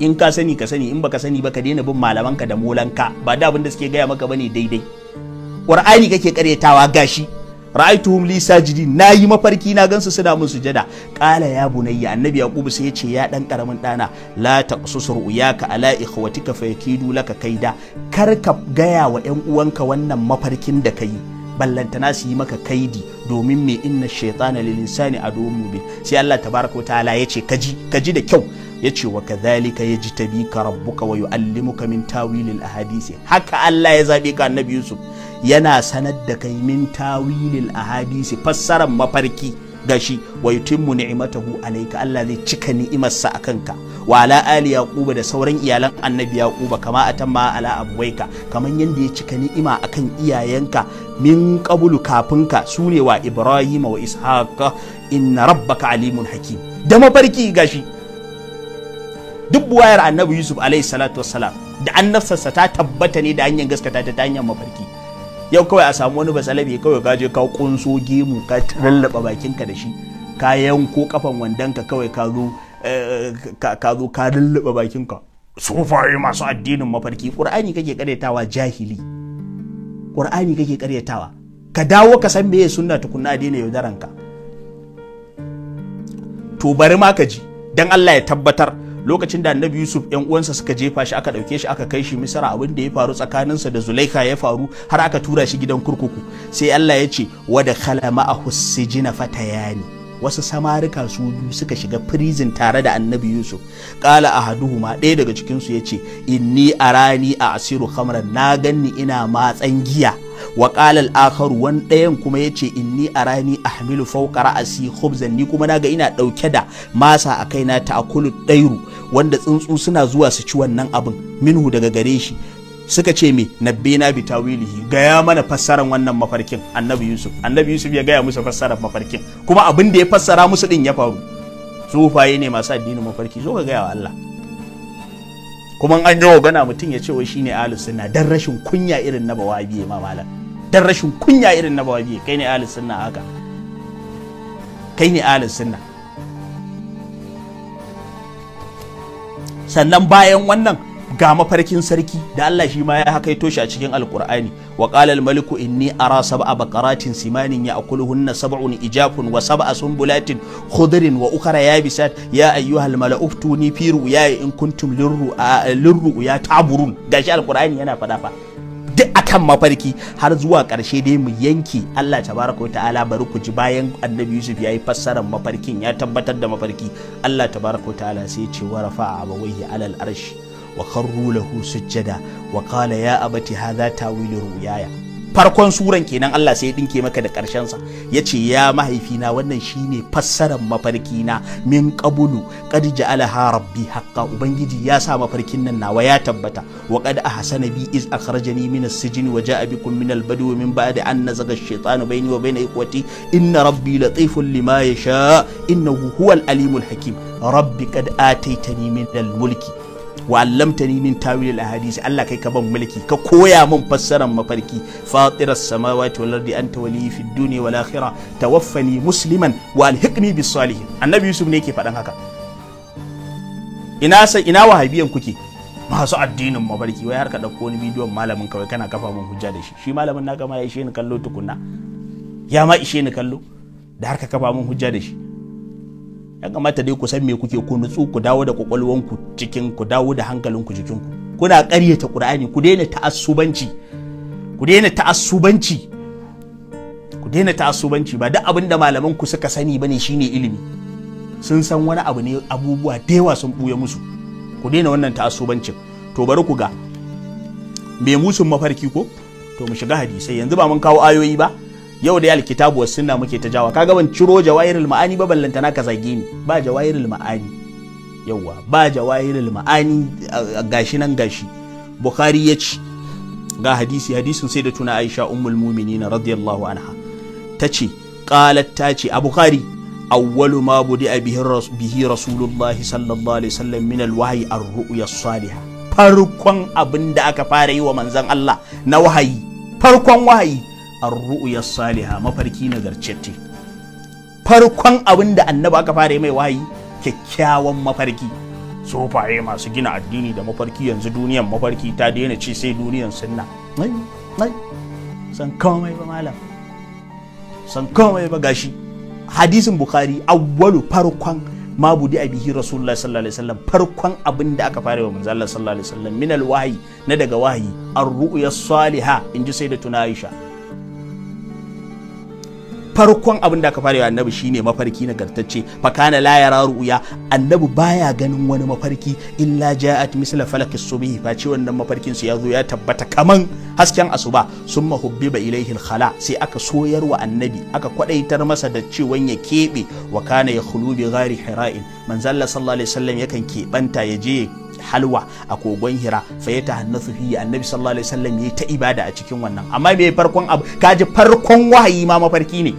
in ka sani ka sani in baka sani ba ka daina bin malamanka da molanka ba da abin da suke gaya maka bane daidai qur'ani kake karyatawa gashi ra'aituhum li sajidin nayi mafarki na gansu suna mun sujada qala ya bunayya annabi yaqub sai ya ce ya dan karamin dana la taqsus ru'yaka ala ikhwatika fayakidu laka kaida kar ka gaya wa yan uwanka wannan mafarkin da kai ballantana su yi maka kaidi domin me inna shaitana lil insani aduwwun mubin sai Allah tabaraka wata'ala yace kaji kaji da kyau yace wa kadhalika yajtabika rabbuka wa yuallimuka min tawilil ahadisi haka Allah ya zabe ka annabi Yusuf yana sanar da kai min tawilil ahadisi fassarar mafarki gashi wa yutimmu ni'matahu alayka Allah zai cika ni'imarsa akan ka wa ala ali yaquba da sauran iyalan annabi yaquba kama atamma ala abwaika kaman yanda ya cika ni'ima akan iyayenka min qabulu kafin ka sune wa ibrahim wa ishaq inna rabbaka alimun hakim da mafarki gashi duk buwayar annabi yusuf alayhi salatu wassalam da annabsa ta tabbata ne da hanyar gaskata ta hanyar mafarki yau kawai a samu wani basalabi kawai ka je ka kunso gemu ka rallaba bakinka da shi ka yanko kafan wandonka kawai ka zo eh, ka zo ka rallaba bakinka sufaye masu addinin mafarki qur'ani kake karyatawa jahili ƙur'ani kake karyatawa ka dawo ka san meye sunna tukunna addini ka. to bari ma ka ji dan Allah ya tabbatar lokacin da annabi yusuf yan uwansa suka jefa shi aka dauke shi aka kai shi misra abin da ya faru tsakaninsa da zulaika ya faru har aka tura shi gidan kurkuku sai allah ya ce wada kalama khala ma'ahu sijina fatayani wasu samarika su biyu suka shiga prison tare da annabi yusuf kala a ma ɗaya daga cikinsu ya ce inni a rani a asiru khamran na ganni ina matsan giya wa kalal akharu wani ɗayan kuma ya ce inni a rani a hamilu fauka ra'asi khubzan ni kuma ga ina ɗauke da masa a kaina ta akulu ɗairu wanda tsuntsu suna zuwa su ci wannan abin minhu daga gare shi suka ce me nabbina bi tawilihi gaya mana fassarar wannan mafarkin annabi yusuf annabi yusuf ya gaya musu fassarar mafarkin kuma abin da ya fassara musu din ya faru tsufaye ne masu addinin mafarki zo ka gaya wa Allah kuma an yi gana mutum ya ce wai shine ahlus sunna dan rashin kunya irin na bawabiye ma malam dan rashin kunya irin na bawabiye kai ne ahlus sunna haka kai ne ahlus sunna sannan bayan wannan ga mafarkin sarki da Allah shi ma ya ya shi a cikin alkur'ani wa qala al maliku inni ara sab'a baqaratin simanin ya'kuluhunna sab'un ijafun wa sab'a sumbulatin khudrin wa ukhra yabisat ya ayyuhal mala'u tuni fi ya in kuntum lirru lirru ya taburun gashi alkur'ani yana fada fa duk akan mafarki har zuwa ƙarshe dai mu yanke Allah tabaraka wa ta'ala bari ku ji bayan annabi Yusuf yayi fassarar mafarkin ya tabbatar da mafarki Allah tabaraka wa ta'ala sai ya ce wa rafa'a abawaihi alal arshi wa kharru lahu sujjada wa qala ya abati hadha tawilu ru'yaya farkon suran kenan Allah sai ya dinke maka da karshensa sa ce ya mahaifina wannan shine fassarar mafarki na min qabulu qad ja'alaha rabbi haqqa ubangiji ya sa mafarkin nan nawa ya tabbata wa qad ahsana bi iz akhrajani min as-sijni wa ja'a bikum min al-badwi min ba'di an nazaga ash-shaytanu bayni wa bayna ikhwati inna rabbi latifun lima yasha innahu huwal alimul hakim rabbi qad ataitani min al-mulki wa ni min tawil al ahadith Allah kai ka ban mulki ka koya min fassarar mafarki fatiras samawati wal ardi anta wali fi dunya wal akhirah tawaffani musliman wa alhiqni bis salihin annabi yusuf ne yake faɗan haka ina sai ina wahabiyan kuke masu addinin mafarki wai har ka ɗauko wani bidiyon malamin kawai kana kafa mun hujja da shi shi malamin naka ma ya ishe ni kallo tukunna ya ma ishe ni kallo da har ka kafa min hujja da shi ya kamata dai ku san me kuke ku nutsu ku dawo da kwakwalwanku cikin ku dawo da hankalinku jikinku kuna ƙaryata ƙur'ani ku daina ta'assubanci ku daina ta'assubanci ku daina ta'assubanci ba duk abin da malaman ku suka sani bane shine ilimi sun san wani abu ne abubuwa da yawa sun buya musu ku daina wannan ta'assubanci to bari ku ga me musun mafarki ko to mu shiga hadisai yanzu ba mun kawo ayoyi ba yau da alkitabu was sunna muke ta jawa kaga ban ciro jawahirul ma'ani ba ballanta naka zage ni ba jawahirul ma'ani yawa ba jawahirul ma'ani gashi nan gashi bukhari ya ce ga hadisi hadisin sai da tuna aisha ummul mu'minin radiyallahu anha ta qalat tace a bukhari awwalu ma budi bihi rasulullahi sallallahu alaihi wasallam min alwahyi ar-ru'ya salihah farkon abin da aka fara yi wa manzon Allah na wahayi farkon wahayi ar-ru'ya saliha mafarki nagarcette farkon abin da annaba aka fara mai wayi kyakkyawan mafarki tsofaye masu gina addini da mafarki yanzu duniyan mafarki ta daina ce sai duniyan sunna nai nai san komai ba malam san komai ba gashi hadisin bukhari awwalu farkon ma budi abihi rasulullah sallallahu alaihi wasallam farkon abin da aka fara wa manzo Allah sallallahu alaihi wasallam min alwahyi na daga wahayi ar-ru'ya salihah inji sai da tuna Aisha farkon abin da aka fara wa annabi shine mafarki nagartacce fakana la yara ru'ya annabi baya ganin wani mafarki illa ja'at misla falakis subhi fa ce wannan mafarkin su ya zo ya tabbata kaman hasken asuba summa hubbiba ilaihin khala sai aka soyar wa annabi aka kwadaitar masa da cewan ya kebe wa kana ya khulubi ghairi hira'in manzalla sallallahu alaihi wasallam yakan keɓanta ya je halwa a kogon hira fa ya tahannasu fi annabi sallallahu alaihi wasallam yayi ta ibada a cikin wannan amma me farkon abu kaji farkon wahayi ma mafarki ne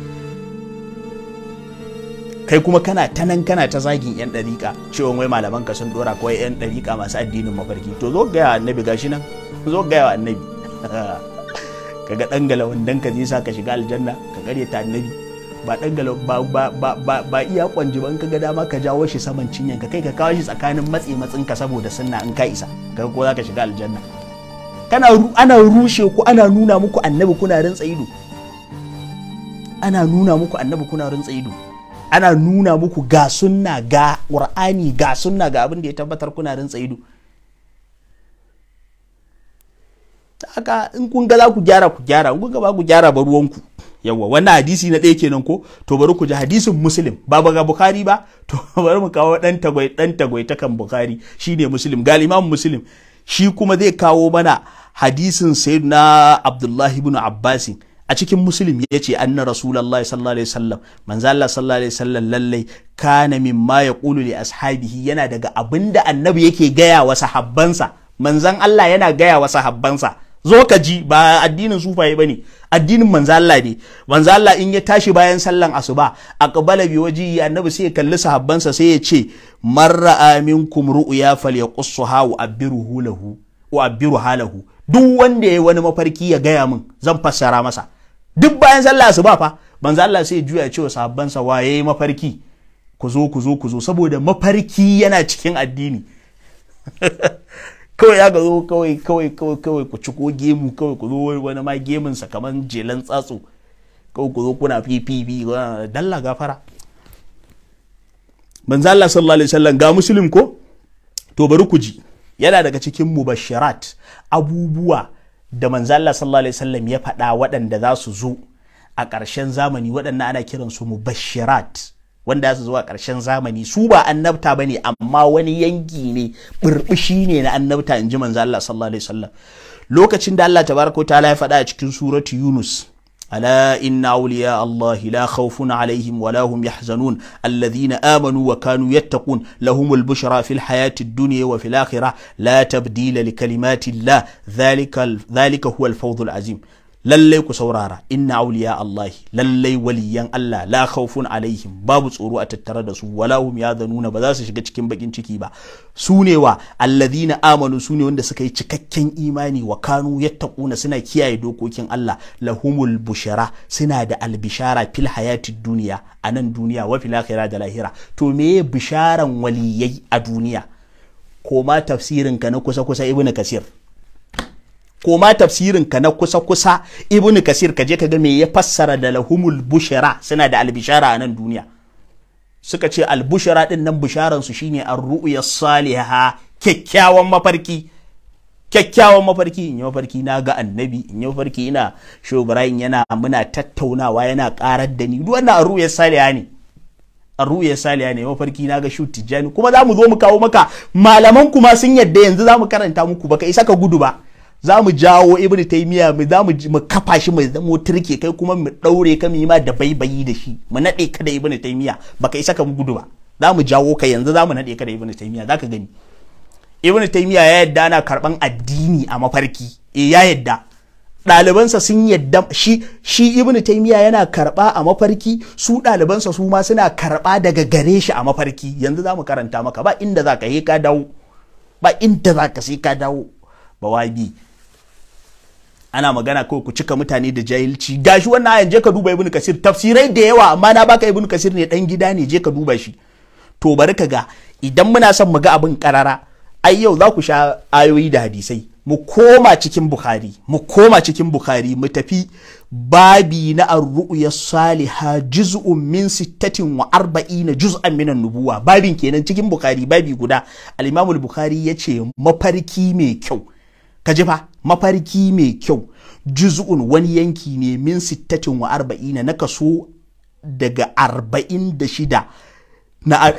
kai kuma kana ta nan kana ta zagin yan dariƙa cewa wai malaman ka sun dora kawai yan dariƙa masu addinin mafarki to zo ga annabi gashi nan zo ga annabi [LAUGHS] kaga dangala wandan ka zai sa ka shiga aljanna ka karya ta annabi ba dan galau ba ba ba ba iya kwanji ba in kaga dama ka jawo shi saman cinyan ka kai ka kawo shi tsakanin matsi matsin ka saboda sunna in ka isa ga ko zaka shiga aljanna kana ana rushe ku ana nuna muku annabi kuna rantsa ido ana nuna muku annabi kuna rantsa ido ana nuna muku ga sunna ga qur'ani ga sunna ga abin da ya tabbatar kuna rantsa ido haka in kun ga za ku gyara ku gyara in kun ga ba ku gyara ba ruwanku yawwa wannan hadisi na ɗaya kenan ko to bari ku ji hadisin muslim ba ga bukari ba [LAUGHS] to bari mu kawo dan tagwai dan tagwai ta kan bukari shine muslim ga imam muslim shi kuma zai kawo mana hadisin sayyidina abdullahi ibn abbasin a cikin muslim ya ce anna rasulullahi sallallahu alaihi wasallam manzo Allah sallallahu alaihi wasallam lallai kana mimma yaqulu li ashabihi yana daga abinda annabi yake gaya wa sahabbansa manzon Allah yana gaya wa sahabbansa zo ka ji ba addinin sufaye bane addinin manzo ne manzo in ya tashi bayan sallan asuba aqbala bi waji annabi sai ya kalli sahabbansa sai ya ce marra aminkum ru'ya falyaqussuha wa abiruhu lahu wa abiru halahu duk wanda yayi wani mafarki ya gaya min zan fassara masa duk bayan sallah asuba fa manzo sai ya juya ya ce wa sahabbansa wa yayi mafarki ku zo ku zo ku zo saboda mafarki yana cikin addini [LAUGHS] kawai ya gado kawai kawai kawai kawai ku ci ko gemu kawai ku zo wani ma gemun sa kaman jelan tsatso kawai ku zo kuna fififi dalla gafara manzo Allah sallallahu alaihi wasallam ga muslim ko to bari ku ji yana daga cikin mubashirat abubuwa da manzo Allah sallallahu alaihi wasallam ya faɗa waɗanda za su zo a ƙarshen zamani waɗannan ana kiransu mubashirat wanda ya su zuwa karshen zamani su ba annabta bane amma wani yanki ne burbushi ne na annabta in ji manzo Allah lokacin da Allah tabaraka ta'ala ya faɗa a cikin suratu Yunus ala inna awliya Allah la khawfun alaihim wa lahum yahzanun alladhina amanu wa kanu yattaqun lahumul bushra fil hayati dunya wa fil akhirah la tabdila li kalimati Allah dhalika dhalika huwa al-fawzul azim lallai ku saurara inna auliya Allah lallai waliyan Allah la khawfun alaihim babu tsoro a tattare da su wala da nuna ba za su shiga cikin bakin ciki ba su ne wa alladhina amanu su ne wanda suka yi cikakken imani wa kanu yattaquna suna kiyaye dokokin Allah lahumul bushara suna da albishara fil hayati duniya a nan duniya wa fil akhirah da lahira to meye bisharan waliyai a duniya ko ma tafsirin ka na kusa kusa ibnu kasir koma tafsirin ka na kusa kusa ibnu kasir ka je ka ga me ya fassara da lahumul bushara suna da albishara a nan duniya suka ce albushara din nan bisharan su shine ar-ru'ya salihah kyakkyawan mafarki kyakkyawan mafarki in yi mafarki na ga annabi in yi mafarki ina shobrayin yana muna tattaunawa yana karar da ni wannan arruya saliya ne arruya saliya ne mafarki na ga shutijani kuma za mu zo mu kawo maka malaman kuma sun yadda yanzu za mu karanta muku baka isa ka gudu ba za mu jawo Ibn taymiya mu za mu kafa shi mu zamo turke kai kuma mu daure ka mu yi ma da baibayi da shi mu nade ka da ibn taymiya baka isa ka gudu ba za mu jawo ka yanzu za mu nade ka da ibnu za ka gani ibn taymiya ya yadda ana karban addini a mafarki e ya yadda ɗalibansa sun yadda shi shi Ibn taymiya yana karba a mafarki su ɗalibansa su ma suna karba daga gare shi a mafarki yanzu za mu karanta maka ba inda za ka ka dawo ba inda za ka sai ka dawo bawabi ana magana ko ku cika mutane da jahilci gashi wannan ayan je ka duba ibnu kasir tafsirai da yawa amma na baka ibnu kasir ne dan gida ne je ka duba shi to bari ka ga idan muna son mu ga abin karara ai yau za ku sha ayoyi da hadisai mu koma cikin bukhari mu koma cikin bukhari mu tafi babi na ar-ru'ya saliha juz'un min sittatin wa arba'ina juz'an min nubuwa babin kenan cikin bukhari babi guda al-imam al-bukhari yace mafarki mai kyau ka ji fa mafarki mai kyau juz'un wani yanki ne min sittatin wa arba'ina na kaso daga arba'in da shida na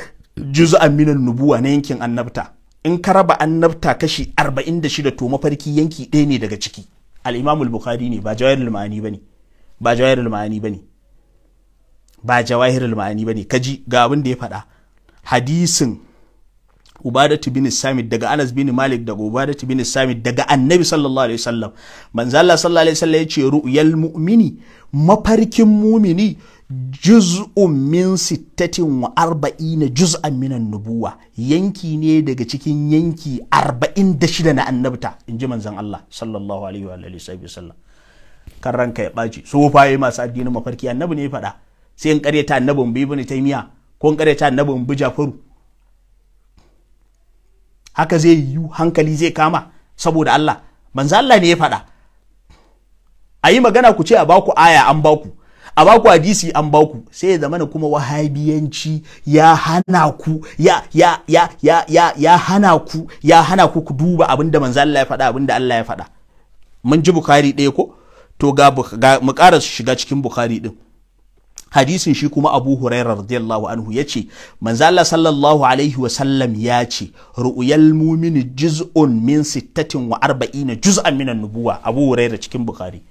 juz'an minan nubuwa na yankin annabta in ka raba annabta kashi arba'in da shida to mafarki yanki ɗaya ne daga ciki al bukari bukhari ne ba jawahirul ma'ani ne ba jawahirul ma'ani ne ba jawahirul ma'ani ka ji ga abin da ya faɗa hadisin ubadatu bin samit daga anas bin malik daga ubadatu bin samit daga annabi sallallahu alaihi wasallam manzo Allah sallallahu alaihi wasallam yace ru'yal mu'mini mafarkin mu'mini juz'un min sittatin wa arba'ina juz'an minan nubuwa yanki ne daga cikin yanki arba'in da shida na annabta Inji ji manzon Allah sallallahu alaihi wa alihi wasallam kan ranka ya ɓaci sofaye masu addinin mafarki annabi ne ya faɗa sai in ƙaryata annabin bi ibn taymiya ko in ƙaryata annabin bi jafaru haka zai yiwu hankali zai kama saboda Allah manzo Allah ne ya faɗa a yi magana ku ce a baku aya an baku a baku hadisi an baku sai ya kuma wahabiyanci ya hana ku ya ya ya ya ya ya hana ku ya hana ku ku duba abinda manzo Allah ya faɗa abinda Allah ya faɗa mun ji Bukhari ɗaya ko to ga mu ƙara shiga cikin Bukhari ɗin hadisin shi kuma abu huraira radiyallahu anhu ya ce manzala sallallahu alaihi wasallam ya ce ru'uyal mumini juz'un min sittatin wa arba'ina juz'an minan nubuwa abu huraira cikin bukari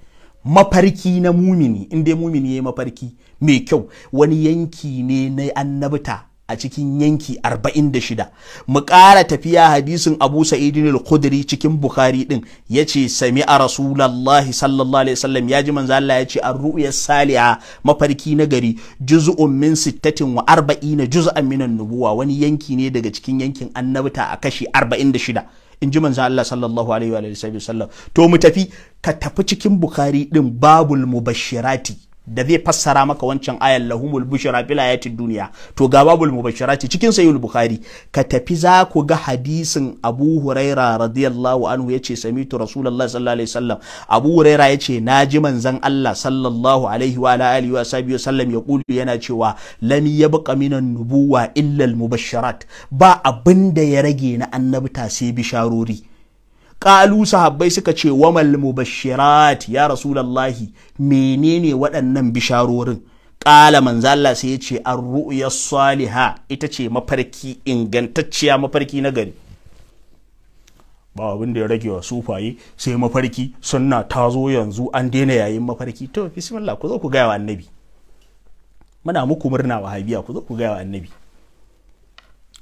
mafarki na mumini in dai mumini ya yi mafarki mai kyau wani yanki ne na annabta a cikin yanki 46 mu ƙara tafiya hadisin Abu Sa'idin al-Khudri cikin Bukhari din ce sami a rasulallahi sallallahu alaihi wasallam ya ji manzo Allah ce ar-ru'ya saliha mafarki na gari juz'un min sittatin wa arba'ina juz'an min an-nubuwa wani yanki ne daga cikin yankin annabta a kashi 46 in ji manzo Allah sallallahu alaihi wa sallam to mu tafi ka tafi cikin Bukhari din babul mubashirati da zai fassara maka wancan ayan lahumul bushra fil duniya. dunya to ga babul mubashirati cikin sayyul bukhari ka tafi za ku ga hadisin abu huraira radiyallahu anhu yace samitu rasulullah sallallahu alaihi wasallam abu huraira yace naji manzon Allah sallallahu alaihi wa alihi wa sahbihi wasallam ya kulu yana cewa lam yabqa minan nubuwa illa al mubashirat ba abinda ya rage na annabta sai bisharori ƙalu sahabbai suka ce wa malmu bashirat ya rasulallahi menene waɗannan bisharorin ƙala manzala sai ya ce an ru'ya saliha ita ce mafarki ingantacciya mafarki na gari ba abin da ya rage wa sufaye sai mafarki sunna ta zo yanzu an daina yayin mafarki to bismillah ku zo ku gaya wa annabi muna muku murna wahabiya ku zo ku gaya wa annabi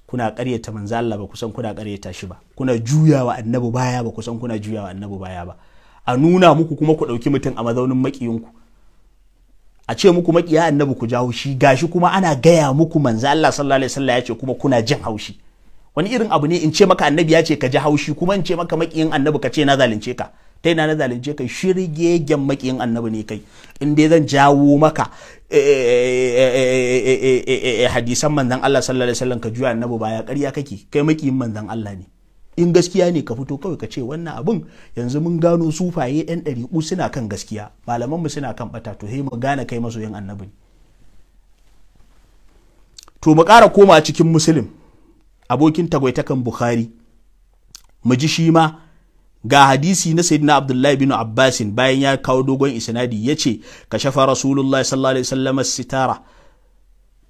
kuna karyata manzo Allah ba kusan kuna karyata shi ba kuna juyawa annabi baya ba kusan kuna juyawa annabi baya ba a nuna muku kuma ku ɗauki mutum a mazaunin maƙiyinku a ce muku maƙiya annabi ku ja haushi gashi kuma ana gaya muku manzo Allah sallallahu alaihi wasallam ya ce kuma kuna jin haushi wani irin abu ne in ce maka annabi ya ce ka ji haushi kuma in ce maka maƙiyin annabi ka ce na zalunce ka ta ina na zalunce kai shirgegen makiyin annabi ne kai in dai zan jawo maka hadisan manzan Allah sallallahu alaihi wasallam ka juya annabi ya ƙarya kake kai makiyin manzan Allah ne in gaskiya ne ka fito kawai ka ce wannan abun yanzu mun gano sufaye yan ɗariƙu suna kan gaskiya malaman mu suna kan bata to he mu gane kai masoyin annabi to mu ƙara koma cikin muslim abokin tagwaitakan bukhari mu ji shi ma ga hadisi na sayyidina abdullahi bin abbasin bayan ya kawo dogon isnadi ya ce ka shafa rasulullahi sallallahu alaihi wasallam sitara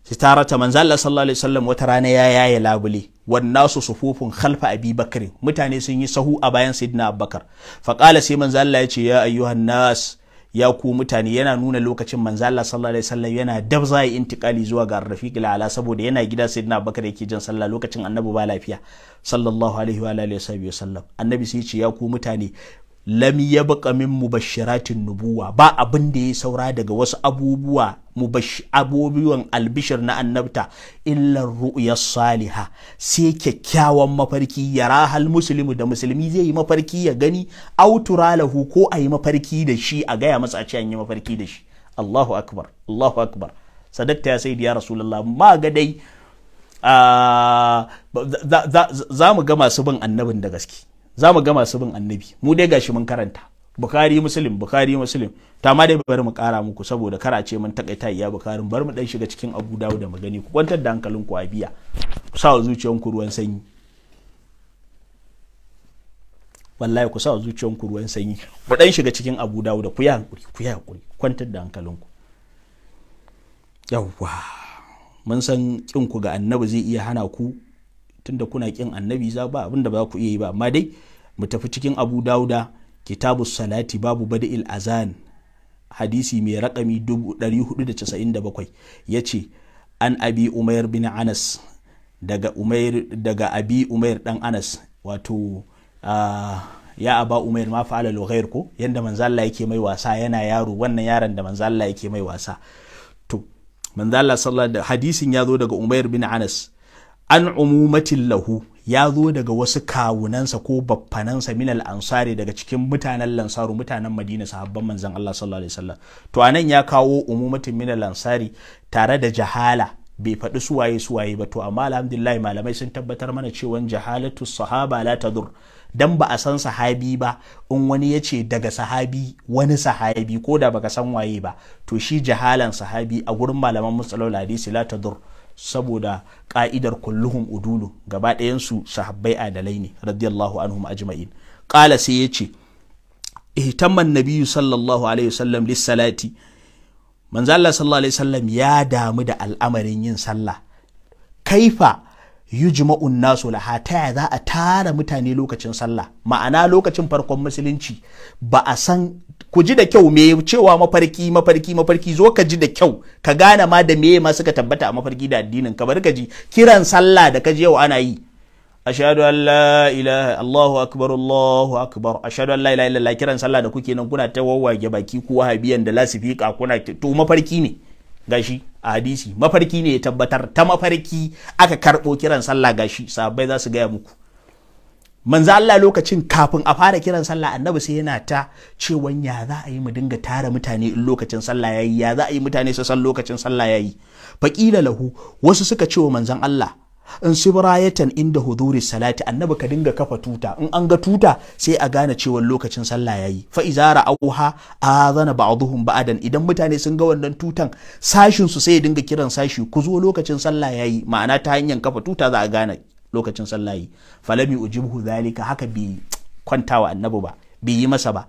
sitara ta manzo Allah sallallahu alaihi wasallam wata rana ya yaye labule wannan su sufufun khalfa abi bakr mutane sun yi sahu a bayan sayyidina abubakar fa qala sai manzo Allah ya ce ya ayyuhan nas ya ku mutane yana nuna lokacin manzo Allah sallallahu alaihi wasallam yana dab za ya intikali zuwa ga Rafiqul Ala saboda yana gida Sayyidina Abubakar yake jin sallah lokacin Annabi ba lafiya sallallahu alaihi wa alihi wasallam Annabi sai ya ce ya ku mutane lam baka min mubashiratin nubuwa ba abin da ya saura daga wasu abubuwa abubuwan albishir na annabta illar ru'ya saliha sai kyakkyawan mafarki ya rahal musulmi da musulmi zai yi mafarki ya gani autura lahu ko a yi mafarki da shi a gaya masa a ce an yi mafarki da shi Allahu akbar Allahu akbar sadakta ya sayyidi ya rasulullah ma ga dai ah, za mu ga masu bin annabin da gaske za mu ga masu bin annabi mu dai gashi mun karanta bukari muslim bukari muslim ta ma dai bari mu kara muku saboda kara ce mun takaita iya bukari bar mu dan shiga cikin abu dawo da magani ku kwantar da hankalin ku a biya ku sa wa zuciyanku ruwan sanyi wallahi ku sa wa zuciyanku ruwan sanyi mu dan shiga cikin abu dawo da ku yi hankuri ku yi hankuri kwantar da hankalin ku yawwa mun san kin ku ga annabi zai iya hana ku tunda kuna kin annabi za ba abin da ba ku iya yi ba amma dai mu tafi cikin abu dauda kitabu salati babu badil azan hadisi mai raƙami 497 ya ce an abi umayr bin anas daga umayr daga abi umayr dan anas wato ya aba umayr ma fa'ala lughair ko yanda manzo Allah yake mai wasa yana yaro wannan yaron da manzo Allah yake mai wasa to manzo Allah sallallahu hadisin ya zo daga umayr bin anas an umumatin lahu ya zo daga wasu kawunansa ko baffanansa minal ansari daga cikin mutanen lansaru mutanen madina sahabban manzan Allah sallallahu alaihi wasallam to anan ya kawo umumatin minal ansari tare da jahala bai faɗi suwaye suwaye ba to amma alhamdulillah malamai sun tabbatar mana cewa jahalatu sahaba la tadur dan ba a san sahabi ba in wani ya ce daga sahabi wani sahabi ko da baka san waye ba to shi jahalan sahabi a gurin malaman musalol hadisi la tadur saboda ka'idar kulluhum udulu gaba ɗayansu sahabbai adalai ne radiyallahu anhum ajma'in Ƙala sai yace ihtamman nabiyyu sallallahu alaihi wasallam lissalati manzo Allah sallallahu alaihi wasallam ya damu da al'amarin yin sallah kaifa yujma'un nasu laha ta ya za a tara mutane lokacin sallah ma'ana lokacin farkon musulunci ba a san ku ji da kyau me cewa mafarki mafarki mafarki zo ka ji da kyau ka gane ma da me ma suka tabbata a mafarki da addinin ka bari ka ji kiran sallah da ka ji yau ana yi ashhadu an la ilaha allahu akbar allahu akbar ashhadu an la ilaha illallah kiran sallah da kuke nan kuna ta wawwage baki ku wahabiyan da lasifika kuna to mafarki ne gashi a hadisi mafarki ne ya tabbatar ta mafarki aka karɓo kiran sallah gashi sabai za su gaya muku manzo Allah lokacin kafin a fara kiran sallah annabi sai yana ta cewa ya za a yi mu dinga tara mutane in lokacin sallah yayi ya za a yi mutane su san lokacin sallah yayi faqila lahu wasu suka ce wa manzan Allah in sibrayatan inda huduri salati annabi ka dinga kafa tuta in an ga tuta sai a gane cewa lokacin sallah yayi fa izara auha azana ba'dhum ba'dan idan mutane sun ga wannan tutan sashin su sai dinga kiran sashi ku zo lokacin sallah yayi ma'ana ta hanyar kafa tuta za a gane lokacin sallahi falami ujibhu zalika haka bi kwantawa annabi ba bi yi masa ba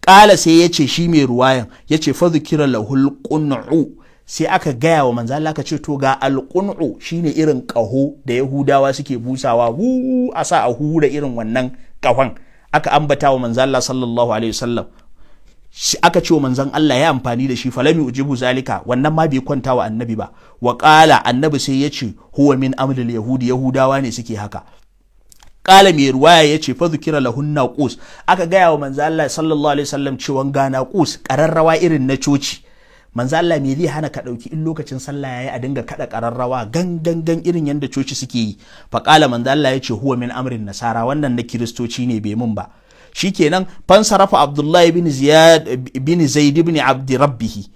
kala sai yace shi mai ruwayan yace ce fa zikira lahul qun'u sai aka gaya wa manzo Allah ka ce to ga al qun'u shine irin kaho da yahudawa suke busawa hu a sa a hura irin wannan kahon aka ambata wa manzo Allah sallallahu alaihi wasallam aka ce wa manzon Allah ya amfani da shi falami ujibu zalika wannan ma bai kwanta wa annabi ba wa qala annabi sai ya ce huwa min yahudi yahudawa ne suke haka kala mai ruwaya ya ce fazu kira lahun naƙus aka gaya wa manzo Allah sallallahu alaihi wasallam cewa ga naƙus ƙararrawa irin na coci Manzala Allah me zai hana ka ɗauki in lokacin sallah yayi a dinga kaɗa ƙararrawa gangangan gan irin yanda coci suke yi fa kala manzo Allah ya ce huwa min amrin nasara wannan na kiristoci ne bai mun ba shikenan fansarafa abdullahi bin ziyad bin zaid bin abd rabbih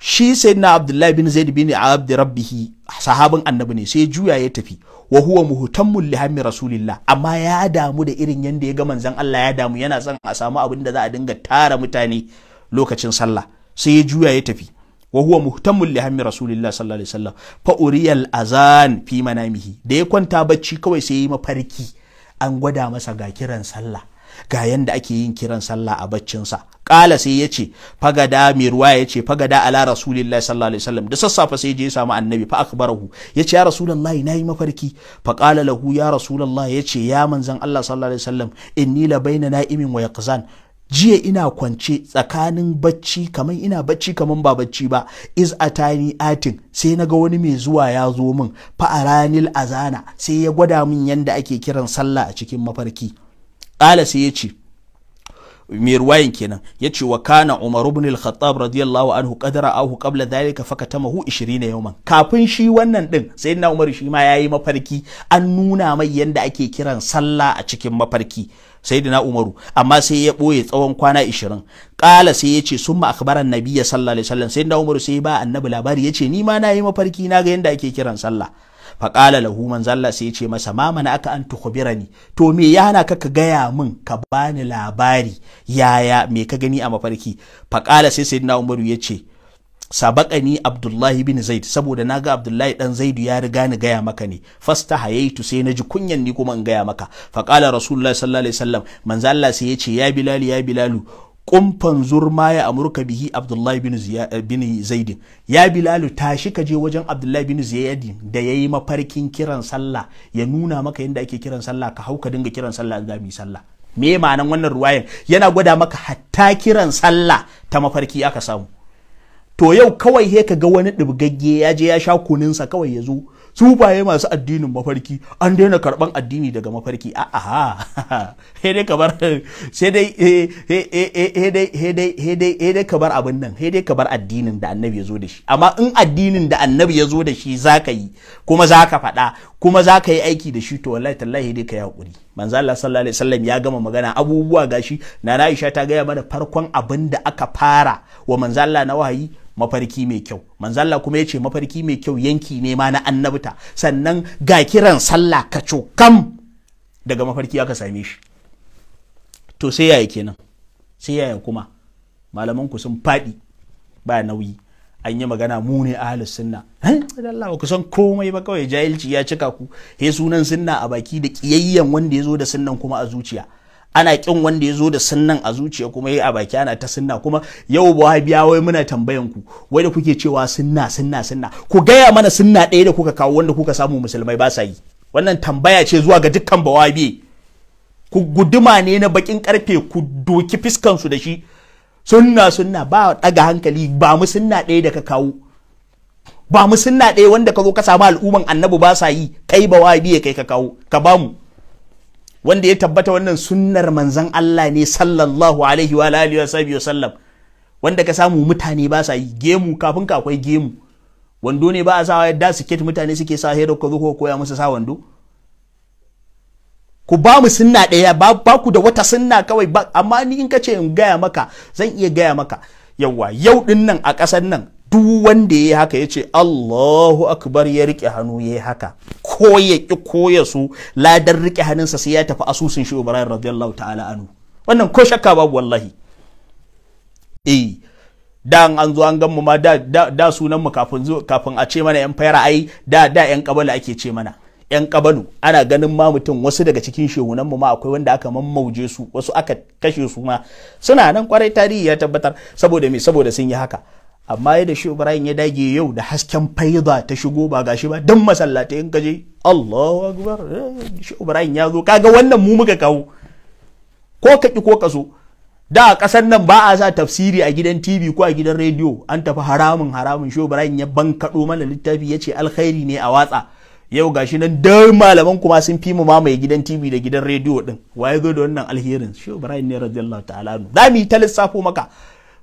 shi sayyidina abdullahi bin zaid bin abd rabbih sahabin annabi ne sai juya ya tafi wa huwa muhtammun li hammi rasulillah amma ya damu da irin yadda ya ga manzon Allah ya damu yana son a samu abin da za a dinga tara mutane lokacin sallah sai ya juya ya tafi wa huwa muhtammun li hammi rasulillah sallallahu alaihi wasallam fa uriyal azan fi manamihi da ya kwanta bacci kawai sai ya yi mafarki an gwada masa ga kiran sallah ga yanda ake yin kiran sallah a baccinsa kala sai ya ce fagada mai ruwa ya ce fagada ala rasulillahi sallallahu alaihi wasallam da sassafe sai je ya samu annabi fa akbarahu ya ce ya rasulullahi nayi mafarki fa qala lahu ya rasulullahi ya ce ya manzon Allah sallallahu alaihi wasallam inni la baina na'imin wa yaqzan jiya ina kwance tsakanin bacci kamar ina bacci kamar ba bacci ba iz atani atin sai naga wani mai zuwa ya zo min fa aranil azana sai ya gwada min yanda ake kiran sallah a cikin mafarki ƙala sai ya ce mai ruwayin kenan ya ce wa kana umar ibn al radiyallahu anhu qadara ahu qabla dhalika fakatamahu 20 yawman kafin shi wannan din sayyidina umar shi ma yayi mafarki an nuna mai yadda ake kiran sallah a cikin mafarki na umaru amma sai ya boye tsawon kwana 20 kala sai ya ce summa na nabiyya sallallahu alaihi wasallam sayyidina umaru sai ba annabi labari ya ce ni ma nayi mafarki na ga yadda ake kiran sallah faƙala lahu manzalla sai ya ce masa ma mana aka an tukhbirani to me ya hana ka ka gaya min ka bani labari yaya me ka gani a mafarki faƙala sai sayyidina umaru ya ce ni abdullahi bin zaid saboda na ga abdullahi dan zaidu ya riga ni gaya maka ne fasta hayaitu sai naji kunyan ni kuma in gaya maka Faƙala rasulullahi sallallahu alaihi wasallam manzo Allah sai ya ce ya bilal ya bilalu kumfan zurma ya amurka bihi abdullahi eh, bin, zaidin ya bilalu tashi ka je wajen abdullahi bin zaidin da ya yi mafarkin kiran sallah ya nuna maka yadda ake kiran sallah ka hau ka dinga kiran sallah ga mi sallah me ma'anan wannan ruwayan yana gwada maka hatta kiran sallah ta mafarki aka samu to yau kawai he ka ga wani ɗibgagge ya je ya sha kuninsa kawai ya zo sufaye masu addinin mafarki an daina karban addini daga mafarki a a ha dai kabar sai dai sai dai kabar abin nan sai dai kabar addinin da annabi ya zo da shi amma in addinin da annabi ya zo da shi ka yi kuma za ka faɗa kuma za ka yi aiki da shi to wallahi tallahi dai ka yi hakuri manzo Allah sallallahu alaihi wasallam ya gama magana abubuwa gashi nana Aisha ta gaya mana farkon abin da aka fara wa manzo Allah na wahayi mafarki mai kyau manzalla kuma ya ce mafarki mai kyau yanki ne ma na annabta sannan ga kiran sallah ka cokam daga mafarki aka same shi to sai yaya kenan sai yaya kuma malaman ku sun faɗi ba nauyi an yi magana mu ne ahlus sunna Allah ku san komai ba kawai jahilci ya cika ku he sunan sunna a baki da kiyayyen wanda ya zo da sunnan kuma a zuciya ana kin wanda ya zo da sunnan a zuciya kuma yayi a baki ana ta sunna kuma yau biya wai muna tambayan ku wai da kuke cewa sunna sunna sunna ku gaya mana sunna ɗaya da kuka kawo wanda kuka samu musulmai ba sa yi wannan tambaya ce zuwa ga dukkan bawabi ku guduma ne na bakin karfe ku doki fiskan su da shi sunna sunna ba daga hankali ba mu sunna ɗaya da ka kawo ba mu sunna ɗaya wanda ka zo ka samu al'umman annabi ba sa yi kai bawabi kai ka kawo ka bamu wanda ya tabbata wannan sunnar manzan Allah ne sallallahu alaihi wa alihi wa sallam wanda ka samu mutane ba sa yi gemu kafin ka akwai gemu wando ne ba a sawa yadda siket mutane suke sa hero ko ko koya musu sa wando ku ba mu sunna ɗaya ba ku da wata sunna kawai ba amma ni in ka ce in gaya maka zan iya gaya maka yawa yau din nan a ƙasar nan duk wanda ya yi haka ya ce Allahu akbar ya rike hannu ya yi haka ko ya ki ko ya su ladar rike hannunsa sai ya tafi asusun shi Ibrahim radiyallahu ta'ala anhu wannan ko shakka babu wallahi eh da an zo an gan mu ma da sunan mu kafin kafin a ce mana yan fayara ai da da yan kabala ake ce mana yan kabalu ana ganin ma mutum wasu daga cikin shehunan mu ma akwai wanda aka mammauje su wasu aka kashe su ma suna nan kwarai tarihi ya tabbatar saboda me saboda sun yi haka amma yadda shi ibrahim ya dage yau da hasken faida ta shigo ba gashi ba dan masallata in kaje Allahu akbar eh, shi ibrahim ya zo kaga wannan mu muka kawo ko ka ki ko ka so da a kasar nan ba a sa tafsiri a gidan TV ko a gidan rediyo an tafi haramun haramun shi ibrahim ya kaɗo mana littafi ya ce alkhairi ne a watsa yau gashi nan dai malaman kuma sun fi mu mamaye gidan TV da gidan rediyo din waye zo da wannan alherin shi ibrahim ne radiyallahu ta'ala za mu yi ta lissafo maka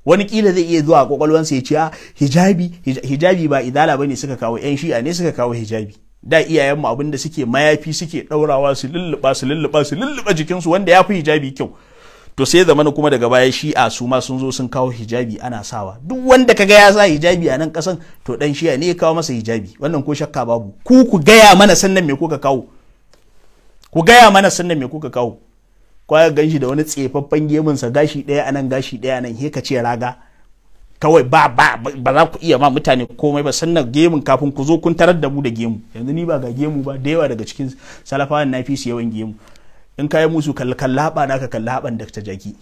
wani kila zai iya zuwa kwakwalwansa ya ce a ah, hijabi hijabi ba idala bane suka kawo yan shi'a ne suka kawo hijabi da iyayenmu abin da suke mayafi suke ɗaurawa su lulluɓa su lulluɓa su lulluɓa jikinsu wanda ya fi hijabi kyau to sai zamana kuma daga baya shi'a su ma sun zo sun kawo hijabi ana sawa duk wanda kaga ya sa hijabi a nan kasan to dan shi'a ne ya kawo masa hijabi wannan ko shakka babu ku ku gaya mana sannan me kuka kawo ku gaya mana sannan me kuka kawo kwaya gan shi da wani tsefaffen gemunsa gashi ɗaya anan gashi daya anan he ka ce raga kawai ba ba ba za ku iya ma mutane komai ba sannan gemun kafin ku zo kun tarar da mu da gemu yanzu ni ba ga gemu ba da yawa daga cikin salafawan na fi su yawan gemu in yi musu kallaba na ka kallaban dakta jaki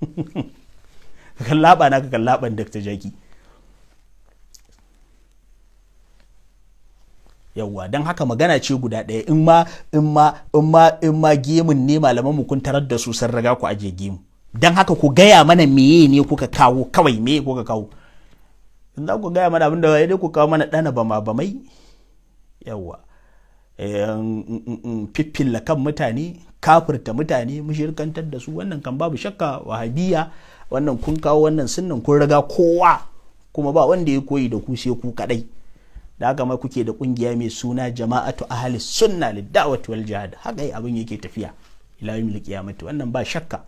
[LAUGHS] na ka kallaban dakta jaki yawwa don haka magana ce guda ɗaya in ma in ma in ma gemun ne malaman mu kun tarar da su sun riga ku aje gemu don haka ku gaya mana meye ne kuka kawo kawai me kuka kawo in za ku gaya mana abin da dai ku kawo mana ɗana ba bamai yawwa fiffilla kan mutane kafirta mutane mushirkantar da su wannan kan babu shakka wahabiya wannan kun kawo wannan sunnan kun raga kowa kuma ba wanda ya koyi da ku sai ku kadai da haka ma kuke da kungiya mai suna jama'atu ahli sunna lidda'wati wal jihad haka yi abin yake tafiya ila yawmil qiyamati wannan ba shakka